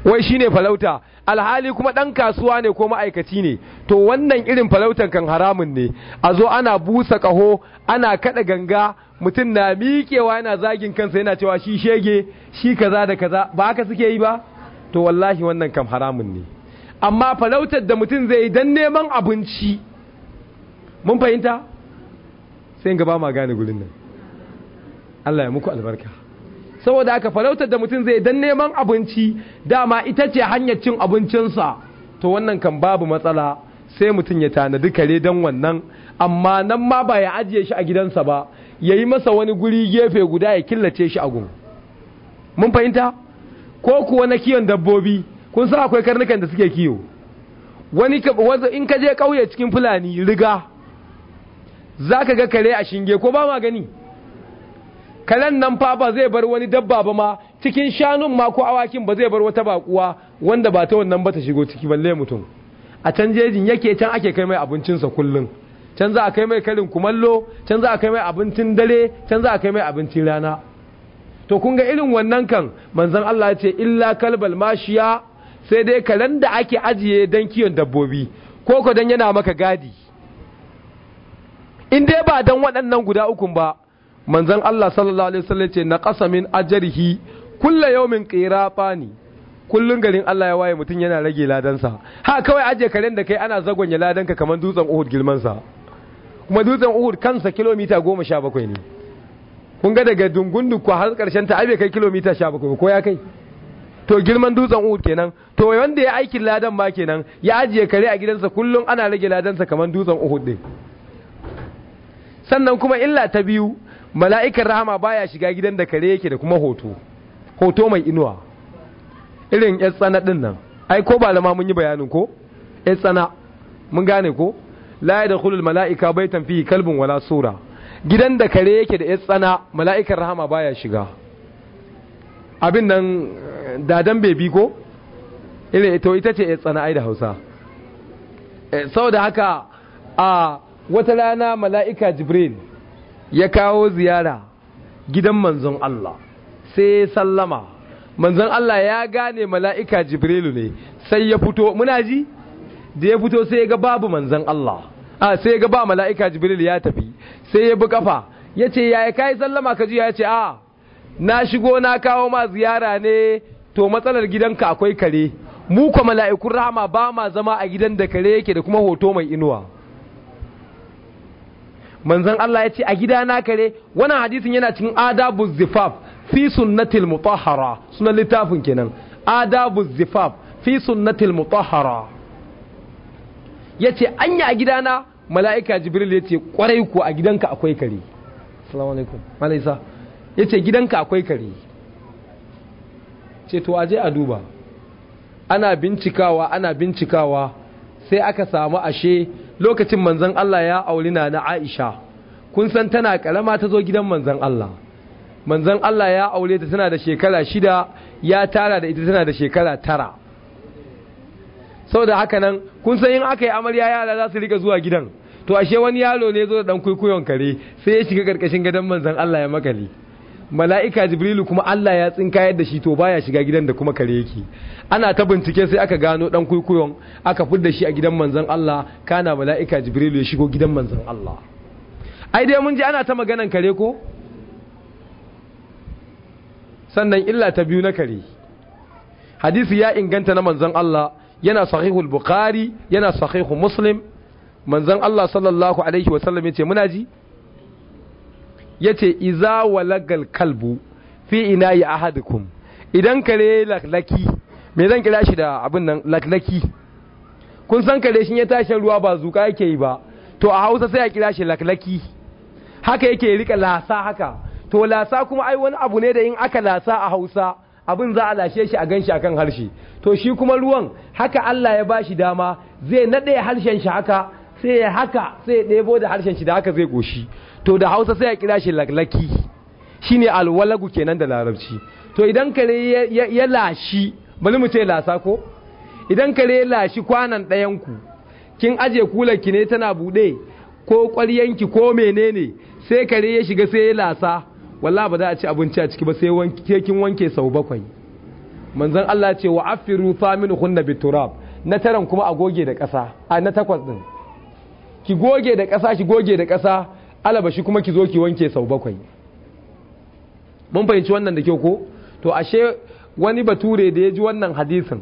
wai shine falauta alhali kuma ɗan kasuwa ne ko ma'aikaci ne to wannan irin falautan kan haramun ne a zo ana busa ƙaho ana kaɗa ganga mutum na miƙewa yana zagin kansa yana cewa shi shege shi kaza da kaza ba haka suke yi ba to wallahi wannan kam haramun ne amma falautar da mutum zai yi don neman abinci mun fahimta sai in gaba ma gane gurin nan Allah ya muku albarka saboda haka farautar da mutum zai dan neman abinci dama ita ce hanyar cin abincinsa to wannan kan babu matsala sai mutum ya tanadi kare dan wannan amma nan ma ba ya ajiye shi a gidansa ba ya yi masa wani guri gefe guda ya killace shi a gun mun fahimta ko kuwa na kiyon dabbobi kun san akwai karnukan da suke kiyo wani in ka je ƙauye cikin fulani riga za ka ga kare a shinge ko ba ma gani kalan nan fa ba zai bar wani dabba ba ma cikin shanun ma ko awakin ba zai bar wata bakuwa wanda ba ta wannan ba ta shigo ciki balle mutum a can jejin yake can ake kai mai abincinsa kullum can za a kai mai karin kumallo can za a kai mai abincin dare can za a kai mai abincin rana to kun ga irin wannan kan manzon Allah ya ce illa kalbal mashiya sai dai kalan da ake ajiye dan kiyon dabbobi ko ko dan yana maka gadi in dai ba dan waɗannan guda ukun ba manzon Allah sallallahu alaihi wasallam ce na qasamin ajrihi kullu yawmin qirafani kullun garin Allah ya waye mutun yana rage ladansa ha kawai aje karen da kai ana ladan ka kaman dutsen Uhud girman sa kuma dutsen Uhud kansa kilomita 17 ne kun ga daga dungundu ko har karshen ta abe kai kilomita 17 ko ya kai to girman dutsen Uhud kenan to wanda ya aikin ladan ma kenan ya ajiye kare a gidansa kullun ana rage ladan sa kaman dutsen Uhud din sannan kuma illa ta biyu mala'ikan rahama baya shiga gidan da kare yake da kuma hoto hoto mai inuwa irin yan tsana ɗin nan ai ko ba lama mun yi bayanin ko yan tsana mun gane ko da kulul mala'ika bai tafi kalbin wala sura gidan da kare yake da yan tsana mala'ikan rahama baya shiga abin nan dadan bebi ko irin ito ita ce yan tsana ai da Hausa eh, Sau da haka a wata rana mala'ika Jibril ya kawo ziyara gidan manzon Allah sai sallama manzon Allah ya gane mala'ika jibrilu ne sai ya fito muna ji da ya fito sai ya ga babu manzon Allah a sai ya ga ba mala'ika jibrilu ya tafi sai ya bi kafa ya ce yaya yi sallama ka ji ya ce a na shigo na kawo ma ziyara ne to matsalar gidanka akwai kare mu mala'ikun rahama ba ma zama a gidan da kare yake da kuma hoto mai inuwa manzon Allah ya ce a gida na kare wannan hadisin yana cikin adabu zifaf fi sunnatil mutahhara sunan littafin kenan adabu zifaf fi sunnatil mutahhara yace anya a gida na mala'ika jibril yace kwarai ku a gidanka akwai kare assalamu alaikum malaisa yace gidanka akwai kare ce to je a duba ana bincikawa ana bincikawa sai aka samu ashe lokacin manzan Allah ya auri na na Aisha kun san tana karama ta zo gidan manzan Allah manzan Allah ya aure ta tana da shekara shida ya tara da ita tana da shekara tara Sau da haka nan kun san yin aka yi amarya yara za su rika zuwa gidan to ashe wani yaro ne zo da ɗan kwaikwayon kare sai ya shiga ƙarƙashin gadon manzan Allah ya makale mala'ika jibrilu kuma Allah ya tsinkayar da shi to baya shiga gidan da kuma kare yake ana ta bincike sai aka gano ɗan kuikuyon aka fudda shi a gidan manzan Allah kana mala'ika jibrilu ya shigo gidan manzan Allah ai dai mun ji ana ta maganan kare ko sannan illa ta biyu na kare hadisi ya inganta na manzan Allah yana sahihul bukhari yana sahihu muslim Manzan Allah sallallahu alaihi wasallam yace muna ji yace iza walagal kalbu fi ina yi ahadukum idan kare laklaki me zan kira shi da abin nan laklaki kun san kare shi ya tashin ruwa ba zuka yake yi ba to a Hausa sai a kira shi laklaki haka yake rika lasa haka to lasa kuma ai wani abu ne da in aka lasa a Hausa abin za a lashe shi a ganshi akan harshe to shi kuma ruwan haka Allah ya bashi dama zai naɗe harshen shi haka sai haka sai ya ɗebo da harshen shi da haka zai goshi to da hausa sai ya kira shi laklaki shine alwalagu kenan da larabci to idan kare ya lashi bali mu ce lasa ko idan kare ya lashi kwanan ɗayanku kin aje ki ne tana buɗe ko ƙwaryanki ko menene sai kare ya shiga sai ya lasa walla ba za a ci abinci a ciki ba sai kin wanke sau bakwai manzon Allah ce wa afiru hunna biturab na taran kuma a goge da ƙasa a na takwas din ki goge da ƙasa shi goge da ƙasa alabashi kuma ki zo ki wanke sau bakwai mun fahimci wannan da kyau ko to ashe wani bature da ya ji wannan hadisin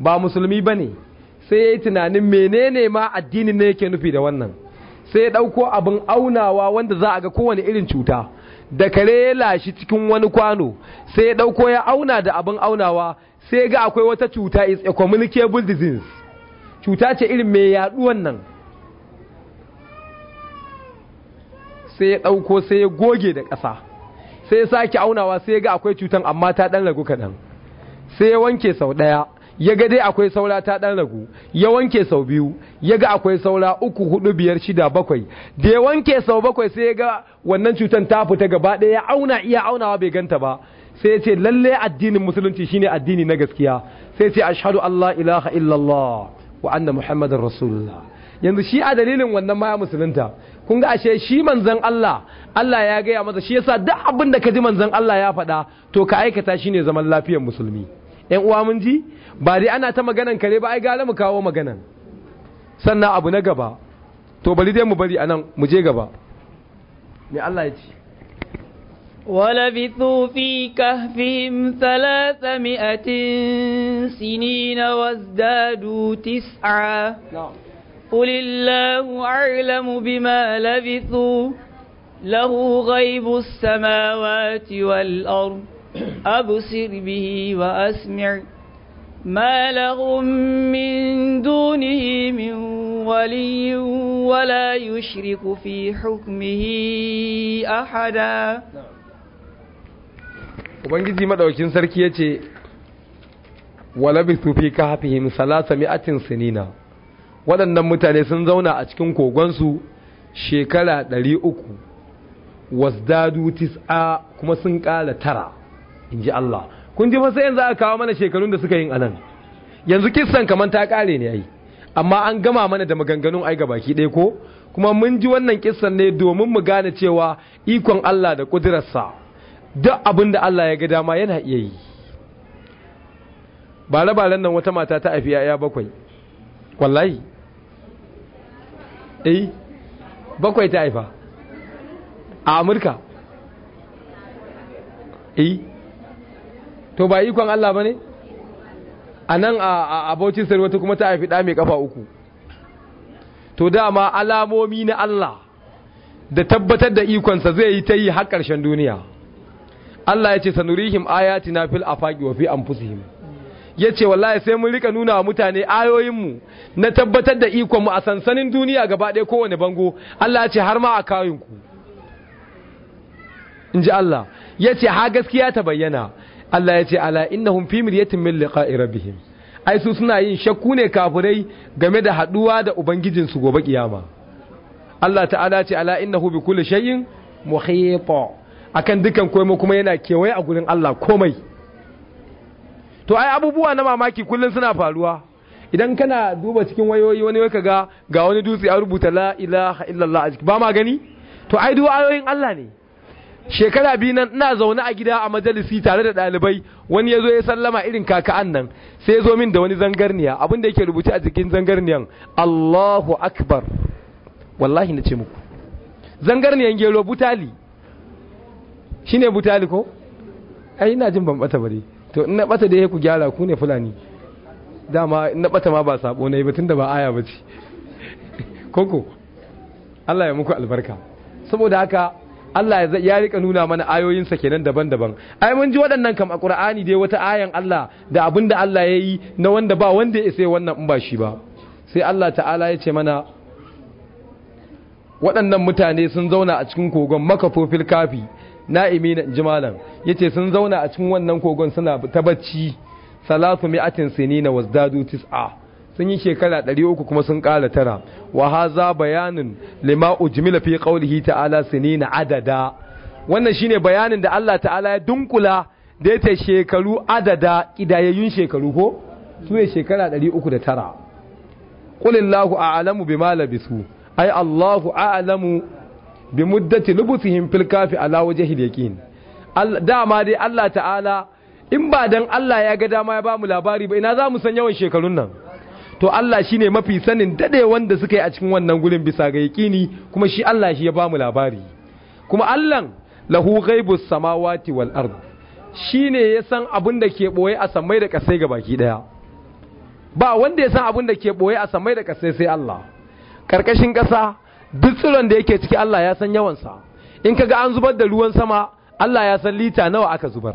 ba musulmi ba ne sai ya yi tunanin menene ma addinin ne yake nufi da wannan sai ya ɗauko abin aunawa wanda za a ga kowane irin cuta da kare ya lashi cikin wani kwano sai ya ɗauko ya auna da abin aunawa sai ga akwai wata cuta is a communicable disease cuta ce irin mai yaɗuwan nan sai ya ɗauko sai ya goge da ƙasa sai ya sake aunawa sai ya ga akwai cutan amma ta ɗan ragu kaɗan sai ya wanke sau ɗaya ya ga dai akwai saura ta ɗan ragu ya wanke sau biyu ya ga akwai saura uku hudu biyar shida bakwai da ya wanke sau bakwai sai ya ga wannan cutan ta fita gaba ɗaya ya auna iya aunawa bai ganta ba sai ya ce lalle addinin musulunci shine addini na gaskiya sai ce ashhadu Allah ilaha illallah wa anna rasulullah yanzu shi a dalilin wannan maya musulunta kun ga ashe shi manzon Allah Allah ya gaya masa shi yasa duk abin da ka ji manzon Allah ya faɗa to ka aikata shi ne zaman lafiyar musulmi ƴan uwa mun ji ba dai ana ta maganan kare ba ai gale mu kawo maganan sannan abu na gaba to bari dai mu bari anan mu je gaba me Allah ya ce ولبثوا في كهفهم ثلاثمائة سنين وازدادوا تسعا نعم قل الله أعلم بما لبثوا له غيب السماوات والأرض أبصر به وأسمع ما لهم من دونه من ولي ولا يشرك في حكمه أحدا Ubangiji madaukin sarki yace wala bi fi kahfihim salasa mi'atin sinina waɗannan mutane sun zauna a cikin kogonsu shekara ɗari uku wasdadu tis'a kuma sun ƙara tara in ji Allah kun ji fasa yanzu aka kawo mana shekarun da suka yin anan yanzu kissan kamar ta ƙare ne ai amma an gama mana da maganganun ai baki ɗaya ko kuma mun ji wannan kissan ne domin mu gane cewa ikon Allah da ƙudurarsa duk abin da Allah ya ga dama yana iya yi bare-baren nan wata mata ta haifi ya bakwai wallahi eh bakwai ta haifa a amurka eh to ba ikon Allah ba ne a nan a abocin sarwata kuma ta haifi ɗa mai ƙafa uku to dama alamomi na Allah da tabbatar da ikonsa zai yi ta yi har ƙarshen duniya Allah ya ce sanurihim na fil afaki wa fi anfusihim ya ce wallahi sai mun rika nuna wa mutane ayoyinmu na tabbatar da ikonmu a sansanin duniya gaba ɗaya kowane bango Allah ya ce har ma a kawinku in ji Allah ya ce ha gaskiya ta bayyana Allah ya ce ala innahum fi miryatin min liqa'i rabbihim ai su suna yin shakku ne kafirai game da haduwa da ubangijinsu gobe kiyama Allah ta'ala ce ala innahu bi kulli shay'in muhita akan dukan komai kuma yana kewaye a gurin Allah komai to ai abubuwa na mamaki kullum suna faruwa idan kana duba cikin wayoyi wani wai kaga ga wani dutse a rubuta la ilaha illallah a jiki ba ma gani to ai duwa ayoyin Allah ne shekara biyu nan ina zaune a gida a majalisi tare da ɗalibai wani ya zo ya sallama irin kaka annan sai ya zo min da wani zangarniya abin da yake rubuce a jikin zangarniyan Allahu akbar wallahi na ce muku zangarniyan gero butali shine butali ko ai ina jin ban bata bare to in na bata da ya ku gyara ku ne fulani dama in na bata ma ba sabo na yi batun da ba aya ba ce koko Allah ya muku albarka saboda haka Allah ya rika nuna mana ayoyinsa kenan daban-daban ai mun ji waɗannan kam a Qur'ani dai wata ayan Allah da abin da Allah ya yi na wanda ba wanda ya sai wannan in ba shi ba sai Allah ta'ala ya ce mana waɗannan mutane sun zauna a cikin kogon makafofil kafi na'imi na jimalan yace sun zauna a cikin wannan kogon suna ta bacci salatu mi'atin sinina wazdadu tis'a sun yi shekara 300 kuma sun kala tara wa haza bayanin lima ujmila fi qawlihi ta'ala sinina adada wannan shine bayanin da Allah ta'ala ya dunkula da yace shekaru adada kidayayun shekaru ko su ne shekara 309 qulillahu a'lamu bima labisu ai Allahu a'lamu bi muddati lubuthihim fil kafi ala wajhi yaqin dama dai Allah ta'ala in ba dan Allah ya ga dama ya ba mu labari ba ina za mu san yawan shekarun nan to Allah shine mafi sanin dade wanda suka yi a cikin wannan gurin bisa ga yaqini kuma shi Allah shi ya ba mu labari kuma Allah lahu ghaibus samawati wal ard shine ya san abin da ke boye a samai da kasai baki daya ba wanda ya san abin da ke boye a samai da kasai sai Allah karkashin kasa duk tsiron da yake ciki Allah ya san yawansa in kaga an zubar da ruwan sama Allah ya san lita nawa aka zubar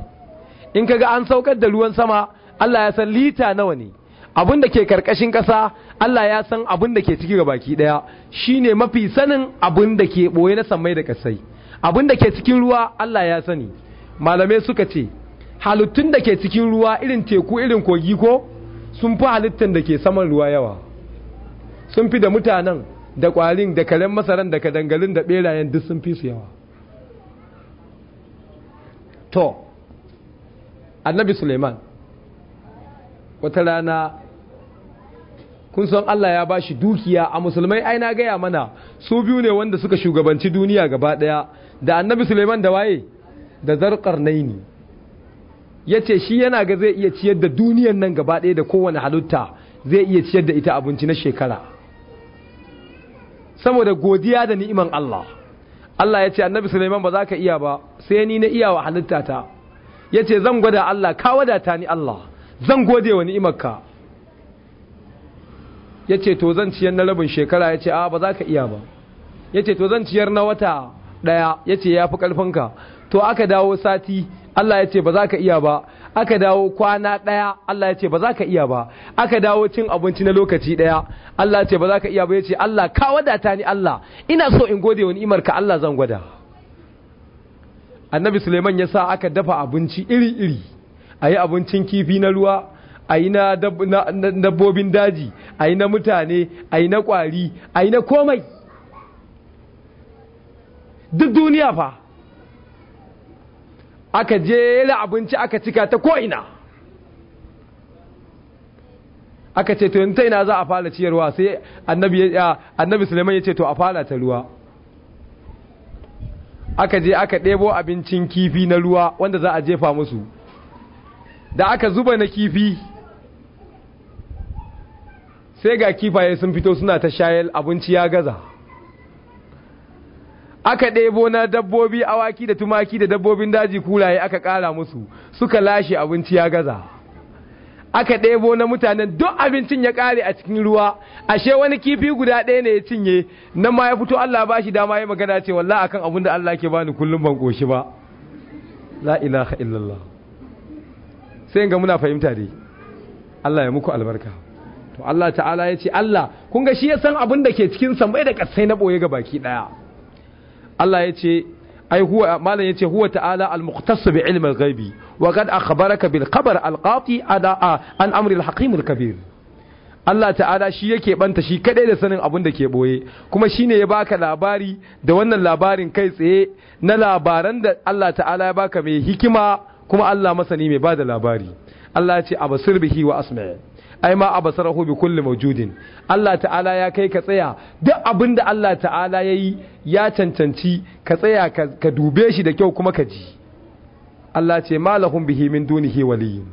in kaga an saukar da ruwan sama Allah ya san lita nawa ne abin da ke karkashin ƙasa Allah ya san abin da ke ciki ga baki ɗaya shine mafi sanin abin da ke ɓoye na samai da kasai abin da ke cikin ruwa Allah ya sani malamai suka ce halittun da ke cikin ruwa irin teku irin kogi ko sun fi halittun da ke saman ruwa yawa sun fi da mutanen da kwarin da karen masaran da ka dangalin da ɓerayen duk sun fi su yawa to annabi suleiman wata rana kun san Allah ya ba shi dukiya a musulmai aina gaya mana su biyu ne wanda suka shugabanci duniya gaba daya da annabi suleiman da waye da zarkar naini ya ce shi yana ga zai iya ciyar da duniyan nan gaba daya da kowane halitta zai iya ciyar da ita abinci na shekara saboda godiya da ni'iman Allah Allah ya ce annabi Sulaiman ba za ka iya ba sai ni na iya wa halitta ta. ya ce zan gwada Allah ka wadata ni Allah zan gode wa ni'imarka ya ce to zan ciyar na rabin shekara ya ce a ba za ka iya ba ya ce to zan ciyar na wata ɗaya ya ce ya fi ƙarfinka to aka dawo sati Allah ya ce ba za ka iya ba aka dawo kwana ɗaya Allah ya ce ba za ka iya ba aka dawo cin abinci na lokaci ɗaya Allah ya ce ba za ka iya ba ya ce Allah ka wadata ni Allah ina so in gode wa ni'imar ka Allah zan gwada annabi Suleiman ya sa aka dafa abinci iri-iri a yi abincin kifi na ruwa a yi na dabbobin daji a yi na mutane a yi na kwari a yi na komai duk duniya fa aka jera abinci aka cika ta ko'ina aka ce to ta ina za a fara ciyarwa sai annabi suleiman ya ce to a fara ta ruwa aka je aka ɗebo abincin kifi na ruwa wanda za a jefa musu da aka zuba na kifi sai ga kifaye sun fito suna ta shayar abinci ya gaza aka ɗebo na dabbobi awaki da tumaki da dabbobin daji kulaye aka ƙara musu suka lashe abinci ya gaza aka ɗebo na mutanen duk abincin ya ƙare a cikin ruwa ashe wani kifi guda ɗaya ne ya cinye nan ma ya fito Allah ba shi dama ya magana ce walla akan abin da Allah ke bani kullum ban ƙoshi ba la ilaha illallah sai ga muna fahimta dai Allah ya muku albarka to Allah ta'ala ya ce Allah kun ga shi ya san abin da ke cikin sambai da ƙasai na ɓoye ga baki ɗaya Allah ya ce ai huwa malam yace huwa ta'ala al-muqtass bi ilmi al-ghaibi wa qad akhbaraka bil khabar al-qati ada an amri al-hakim al-kabir Allah ta'ala shi yake banta shi kadai da sanin abin da ke boye kuma shine ya baka labari da wannan labarin kai tsaye na labaran da Allah ta'ala ya baka mai hikima kuma Allah masani mai bada labari Allah ya ce abasir bihi wa asma' ai ma abasarahu bi kulli mawjudin Allah ta'ala ya kai ka tsaya duk abin da Allah ta'ala yayi ya cancanci ka tsaya ka dube shi da kyau kuma ka ji Allah ce malahum bihi min dunihi waliyin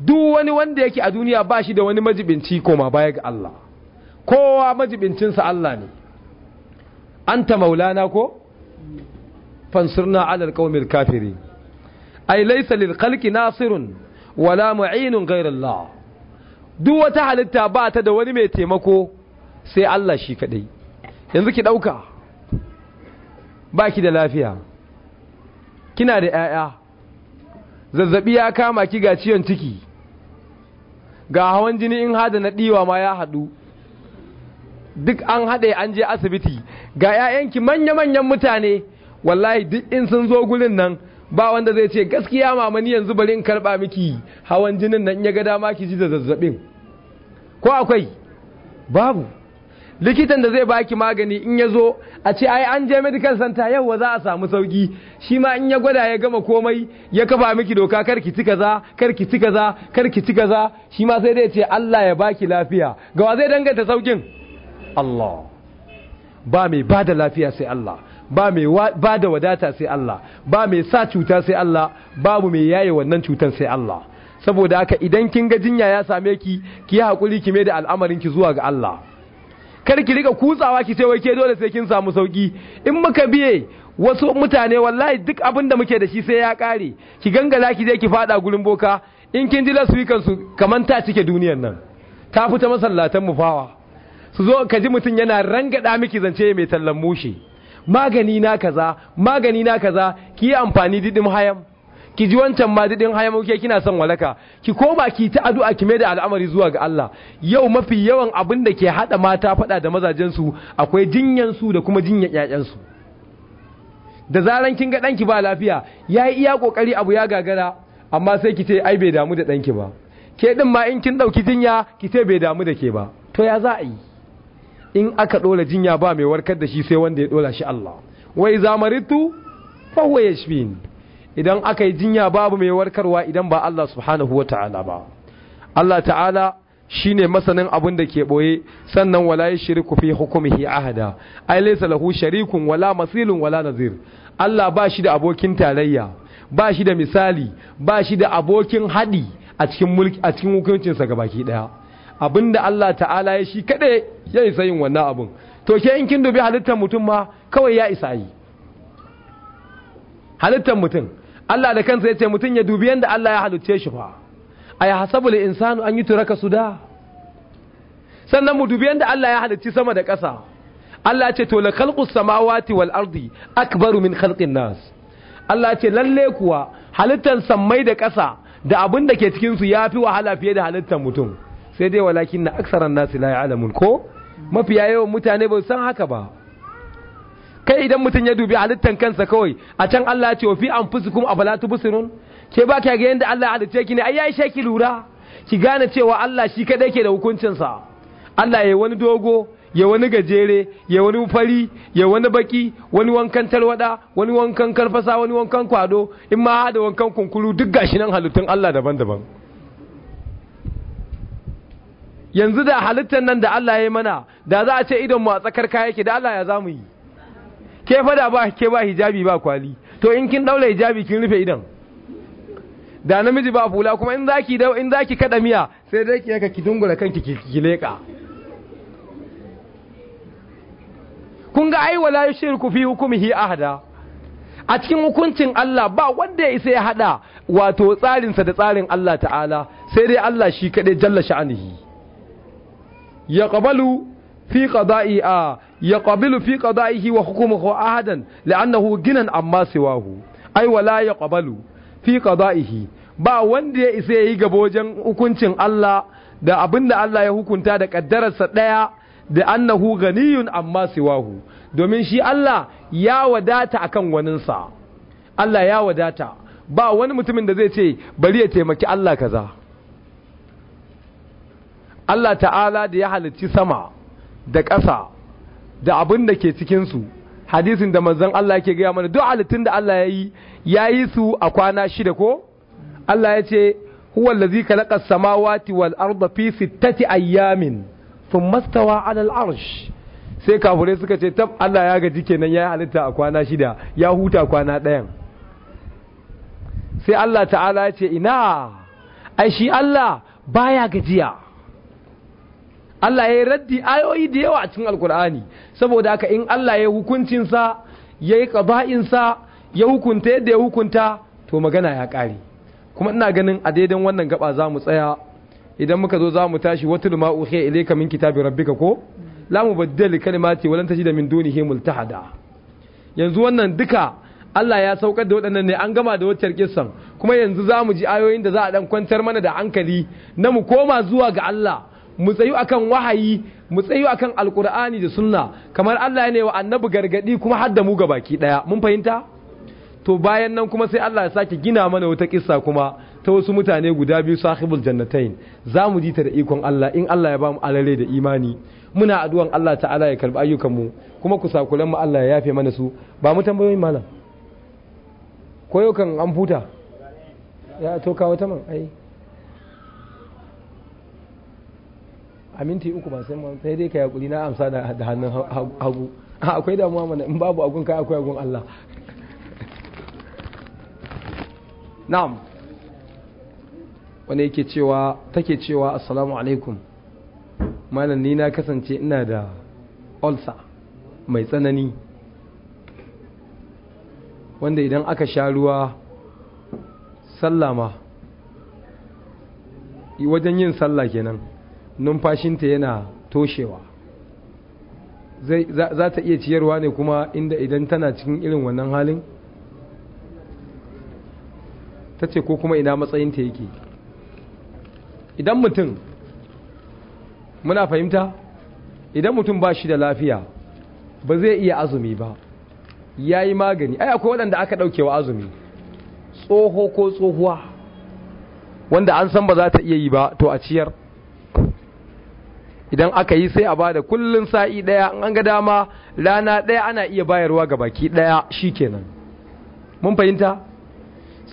duk wani wanda yake a duniya ba shi da wani majibinci koma baya ga Allah kowa majibincinsa Allah ne anta maulana ko fansurna ala alqawmil kafirin ai laysa lil khalqi nasirun wala mu'inun ghayra Allah duk wata halitta ba ta da wani mai taimako sai Allah shi kadai yanzu ki dauka ba ki da lafiya kina da 'ya'ya zazzabi ya kama ki ga ciyon ciki ga hawan jini in hada na diwa ma ya hadu duk an haɗe an je asibiti ga 'ya'yanki manya-manyan mutane wallahi duk in sun zo gurin nan ba wanda zai ce gaskiya mamani yanzu bari in karba miki hawan jinin nan ya ga dama ki ji da zazzabin ko akwai babu likitan da zai baki magani in ya zo a ce ai an je medical center yau za a samu sauki shi ma in ya gwada ya gama komai ya kafa miki doka kar ki ci kaza kar ki ci kaza kar ki ci kaza shi ma sai dai ce Allah ya baki lafiya ga wa zai danganta saukin Allah ba mai bada lafiya sai Allah ba mai ba da wadata sai Allah ba mai sa cuta sai Allah babu mai yaye wannan cutar sai Allah saboda haka idan kin ga jinya ya same ki ki yi hakuri ki mai da al'amarin ki zuwa ga Allah kar ki rika kutsawa ki ce wai ke dole sai kin samu sauki in muka biye wasu mutane wallahi duk abin da muke da shi sai ya kare ki gangala ki je ki fada gurin boka in kin ji lasu su kaman ta cike duniyar nan ta fita masallatan mu fawa su zo ka ji mutum yana rangada miki zance mai tallan mushi magani na kaza magani na kaza ki yi amfani didin hayam ki ji wancan ma didin hayam kuke kina son walaka ki koma ki ta addu'a ki mai da al'amari zuwa ga Allah yau mafi yawan abin da ke hada mata fada da mazajen su akwai jinyan su da kuma jinyan yayan su da zaran kin ga danki ba lafiya yayi iya kokari abu ya gagara amma sai ki ce ai bai damu da danki ba ke din ma in kin dauki jinya ki ce bai damu da ke ba to ya za a yi in aka ɗola jinya ba mai warkar da shi sai wanda ya ɗola shi Allah wai zamaritu fa huwa yashfin idan aka yi jinya babu mai warkarwa idan ba Allah subhanahu wa ta'ala ba Allah ta'ala shine masanin abin da ke boye sannan wala ya yashriku fi hukmihi ahada ai laysa lahu sharikun wala masilun wala nazir Allah ba shi da abokin tarayya ba shi da misali ba shi da abokin hadi a cikin mulki a cikin hukuncinsa gabaki daya abinda Allah ta'ala ya shi kaɗai ya isa yin wannan abin to ke in kin dubi halittar mutum ma kawai ya isa yi halittar mutum Allah da kansa ya ce mutum ya dubi yadda Allah ya halicce shi fa a ya hasabu da insanu an yi turaka su da sannan mu dubi yadda Allah ya halicci sama da ƙasa Allah ce to la khalqus samawati wal ardi akbaru min khalqin nas Allah ce lalle kuwa halittar sammai da ƙasa da abin da ke cikin su fi wahala fiye da halittar mutum sai dai walakin na aksaran nasu la ya'lamun ko mafi yawan mutane ba san haka ba kai idan mutum ya dubi halittan kansa kawai a can Allah ya ce wa fi a balatu busurun ke ba kya ga yadda Allah ya halitta ki ne ai sha ki lura ki gane cewa Allah shi kadai ke da hukuncin sa Allah ya wani dogo ya wani gajere ya wani fari ya wani baki wani wankan tarwada wani wankan karfasa wani wankan kwado in ma da wankan kunkuru duk gashi nan halittun Allah daban-daban yanzu da halittar nan da Allah ya yi mana da za a ce mu a tsakar kaya yake da Allah ya za mu yi ke fada ba ke ba hijabi ba kwali to in kin daura hijabi kin rufe idon da namiji ba fula kuma in zaki da in zaki kada miya sai dai ki yaka ki dungura kanki ki leka kun ga ai wala yushriku fi hukmihi ahada a cikin hukuncin Allah ba wanda ya isa ya hada wato tsarinsa da tsarin Allah ta'ala sai dai Allah shi kaɗai jalla sha'anihi يقبل في قضائه آه يقبل في قضائه وحكمه أحدا لأنه جنا عما سواه أي ولا يقبل fi قضائه ba wanda ya isa yayi gaba wajen hukuncin Allah da abinda Allah ya hukunta da kaddararsa daya da annahu ganiyun amma siwahu domin shi Allah ya wadata akan waninsa Allah ya wadata ba wani mutumin da zai ce bari ya taimaki Allah kaza Allah ta'ala da ya halicci sama da ƙasa da abin da ke cikinsu hadisin da manzon Allah ke gaya mana duk halittun da Allah ya yi ya yi su a kwana shida ko Allah ya ce huwa ka khalaqa samawati wal arda fi sittati ayyamin sun mastawa 'ala arsh sai suka ce tab Allah ya gaji kenan ya yi halitta a kwana shida ya huta kwana ɗayan sai Allah ta'ala ya ce ina ai shi Allah baya gajiya Allah ya raddi ayoyi da yawa a cikin alkur'ani saboda haka in Allah ya hukuncinsa ya yi ƙaba'insa ya hukunta yadda ya hukunta to magana ya ƙare kuma ina ganin a daidan wannan gaba za mu tsaya idan muka zo za mu tashi wata luma uhe ka min kitabi rabbika ko la mu baddali kalimati walan da min dunihi multahada yanzu wannan duka Allah ya saukar da waɗannan ne an gama da waccar kissan kuma yanzu za mu ji ayoyin da za a dan kwantar mana da hankali na mu koma zuwa ga Allah mu tsayu akan wahayi mu tsayu akan alkur'ani da sunna kamar Allah ne wa annabi gargadi kuma har da mu ga baki daya mun fahimta to bayan nan kuma sai Allah ya sake gina mana wata kissa kuma ta wasu mutane guda biyu sahibul jannatain za mu ji ta da ikon Allah in Allah ya ba mu alare da imani muna addu'an Allah ta'ala ya karbi ayyukan mu kuma sakulan mu Allah ya yafe mana su ba mu tambayoyin malam koyo kan an futa ya to kawo ta man ai a minti uku ban sai mun sai dai ka yakuri na amsa da hannun hagu akwai damuwa mana in babu agun ka akwai agun Allah na'am wani yake cewa take cewa assalamu alaikum malam ni na kasance ina da ulcer mai tsanani wanda idan aka sha ruwa sallama wajen yin sallah kenan numfashinta yana toshewa za ta iya ciyarwa ne kuma inda idan tana cikin irin wannan halin ta ce ko kuma ina matsayinta yake idan mutum muna fahimta idan mutum ba shi da lafiya ba zai iya azumi ba ya yi magani ai akwai waɗanda aka ɗaukewa azumi tsoho ko tsohuwa wanda an san ba za ta iya yi ba to a ciyar idan aka yi sai a bada kullun sa'i ɗaya in an ga dama rana ɗaya ana iya bayarwa ga baki daya kenan mun fahimta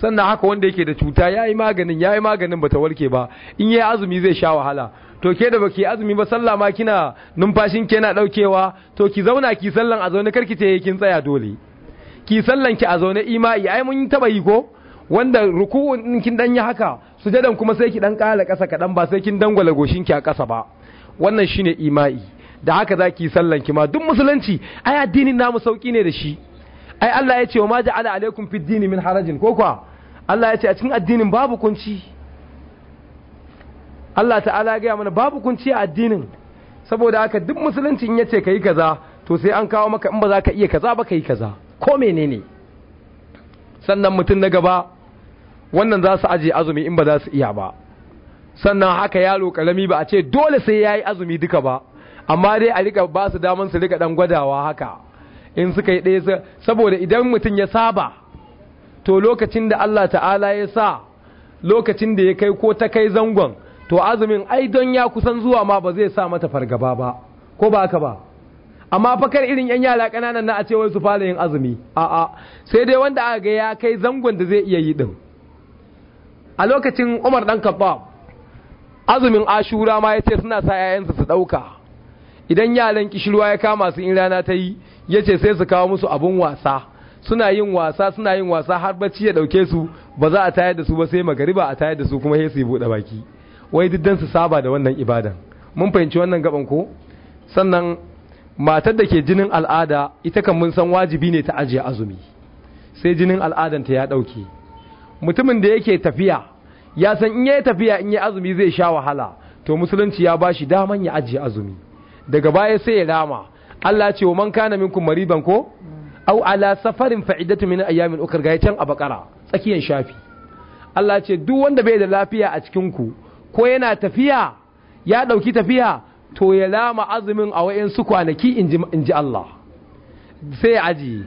sannan haka wanda yake da cuta ya yi maganin ya yi maganin ba ta warke ba in yi azumi zai sha wahala to ke da ke azumi ba sallah ma kina numfashin ke ɗaukewa to ki zauna ki sallan a zaune karki ce eh kin tsaya dole ki sallan ki a zaune imai ai mun taba yi ko wanda ruku'un kin dan yi haka sujadan kuma sai ki dan kala kasa kaɗan ba sai kin dangwala goshin ki a kasa ba wannan shine imai da haka zaki sallan ki ma duk musulunci ai addinin namu sauki ne da shi ai Allah ya ce wa ma ja'ala alaikum fid dini min harajin ko kwa Allah ya ce a cikin addinin babu kunci Allah ta'ala ya mana babu kunci a addinin saboda haka duk musulunci in yace kai kaza to sai an kawo maka in ba za ka iya kaza ba kai kaza ko menene sannan mutum na gaba wannan za su aje azumi in ba za su iya ba sannan haka yaro karami ba a ce dole sai ya yi azumi duka ba amma dai a rika ba su daman su rika dan gwadawa haka in suka yi ɗaya saboda idan mutum ya saba to lokacin da Allah ta'ala ya sa lokacin da ya kai ko ta kai zangon to azumin ai don ya kusan zuwa ma ba zai sa mata fargaba ba ko ba haka ba amma fakar irin yan yara kananan na a ce wai su fara yin azumi a'a sai dai wanda aka ga ya kai zangon da zai iya yi din a lokacin Umar dan Khattab azumin ashura ma ya ce suna sa 'ya'yansu su ɗauka idan yaran kishirwa ya kama su in rana ta yi ya ce sai su kawo musu abun wasa suna yin wasa suna yin wasa har bacci ya ɗauke su ba za a tayar da su ba sai magariba a tayar da su kuma sai su buɗe baki wai diddan su saba da wannan ibadan mun fahimci wannan gaban ko sannan matar da ke jinin al'ada ita kan mun san wajibi ne ta ajiye azumi sai jinin al'adanta ya ɗauke mutumin da yake tafiya ya san in yayi tafiya in yayi azumi zai sha wahala to musulunci ya bashi daman ya ajiye azumi daga baya sai ya rama Allah ce wa man kana minkum mariban ko au ala safarin fa'idatu min ayyamin ukar ga can a bakara tsakiyan shafi Allah ce duk wanda bai da lafiya a cikin ku ko yana tafiya ya dauki tafiya to ya lama azumin a wayan su kwanaki inji Allah sai ya ajiye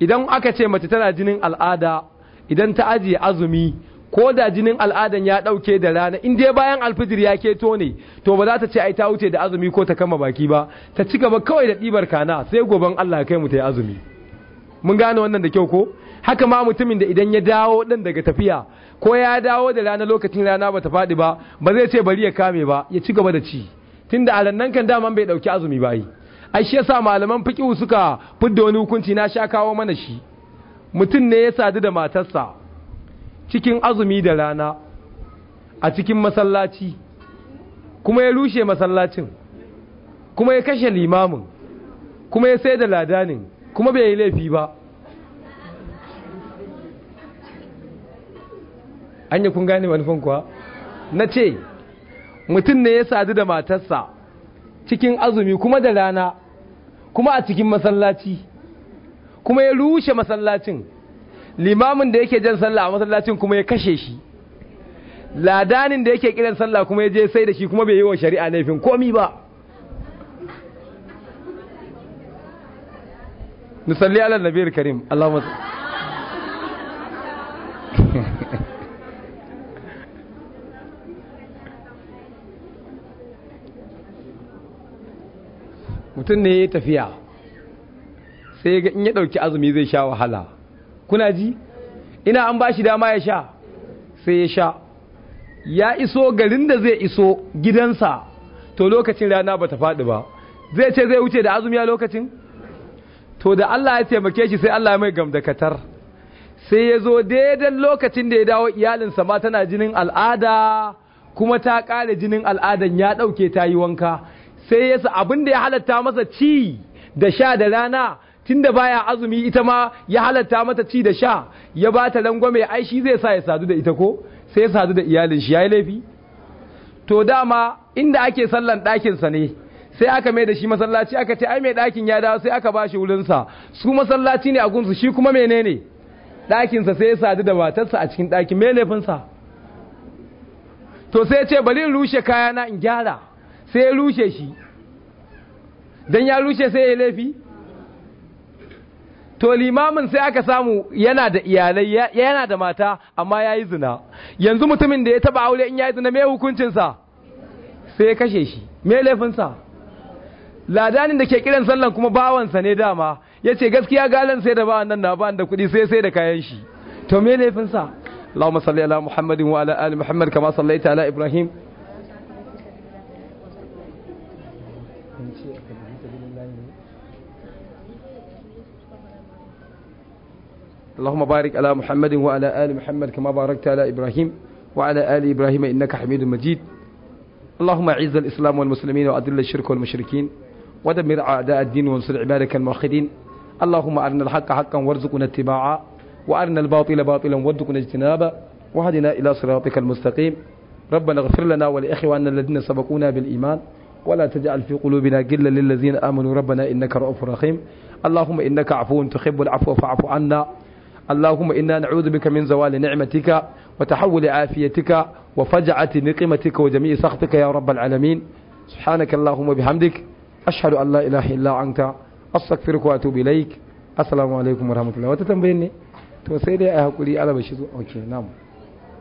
idan aka ce mace tana jinin al'ada idan ta ajiye azumi ko da jinin al'adan ya ɗauke da rana in dai bayan alfijir ya keto ne to ba za ta ce ai ta wuce da azumi ko ta kama baki ba ta ci gaba kawai da ɗibar kana sai gobe Allah kai mu ta yi azumi mun gane wannan da kyau ko haka ma mutumin da idan ya dawo dan daga tafiya ko ya dawo da rana lokacin rana ba ta faɗi ba ba zai ce bari ya kame ba ya ci gaba da ci tunda a nan kan dama bai ɗauki azumi ba yi ai shi yasa malaman fiqh suka fidda wani hukunci na sha kawo mana shi mutum ne ya sadu da matarsa cikin azumi da rana a cikin masallaci kuma ya rushe masallacin kuma ya kashe limamin kuma ya sai da ladanin kuma bai yi laifi ba an yi kun gane manufan kuwa na ce mutum ne ya sadu da matarsa cikin azumi kuma da rana kuma a cikin masallaci kuma ya rushe masallacin limamin da yake jan sallah a masallacin kuma ya kashe shi ladanin da yake kiran sallah kuma ya je sai da shi kuma bai yi wa shari'a laifin komi ba nusalli ala nabiyar karim allahumma mutum ne ya tafiya sai in ya ɗauki azumi zai sha wahala kuna ji ina an bashi dama ya sha sai ya sha ya iso garin da zai iso gidansa to lokacin rana ba ta faɗi ba zai ce zai wuce da azumi a lokacin to da Allah ya taimake shi sai Allah mai gamdakatar sai ya zo daidan lokacin da ya dawo iyalinsa ma tana jinin al'ada kuma ta ƙare jinin al'adan ya ɗauke ta yi wanka sai ya sa abin da ya halatta masa ci da sha da rana Tun da baya azumi ita ma ya halatta mata ci da sha ya ba ta mai ai shi zai sa ya sadu da ita ko sai ya sadu da iyalin shi yayi laifi to dama inda ake sallan ɗakin sa ne sai aka mai da shi masallaci aka ce ai mai ɗakin ya dawo sai aka ba shi wurin sa su masallaci ne a gunsu shi kuma menene ɗakin sa sai ya sadu da matarsa a cikin ɗakin me laifin sa to sai ya ce bari in rushe kayana in gyara sai ya rushe shi dan ya rushe sai ya laifi to limamin sai aka samu yana da iyalai yana da mata amma ya yi zina yanzu mutumin da ya taba aure in ya yi zina mai hukuncinsa sai ya kashe shi mai laifinsa ladanin da ke kiran sallan kuma bawansa ne dama ya ce gaskiya galan sai da bawan nan na bawan da kuɗi sai sai da kayan shi to mai laifinsa Allahumma salli ala Muhammadin wa ala ali Muhammad kama sallaita ala Ibrahim اللهم بارك على محمد وعلى آل محمد كما باركت على إبراهيم وعلى آل إبراهيم إنك حميد مجيد اللهم أعز الإسلام والمسلمين وأذل الشرك والمشركين ودمر أعداء الدين وانصر عبادك الموحدين اللهم أرنا الحق حقا وارزقنا اتباعا وأرنا الباطل باطلا وارزقنا اجتنابا وهدنا إلى صراطك المستقيم ربنا اغفر لنا ولإخواننا الذين سبقونا بالإيمان ولا تجعل في قلوبنا غلا للذين آمنوا ربنا إنك رؤوف رحيم اللهم إنك عفو تحب العفو فاعف عنا اللهم إنا نعوذ بك من زوال نعمتك وتحول عافيتك وفجعة نقمتك وجميع سخطك يا رب العالمين سبحانك اللهم وبحمدك أشهد أن لا إله إلا أنت أستغفرك وأتوب إليك السلام عليكم ورحمة الله وتتم بيني sai dai a hakuri alaba shi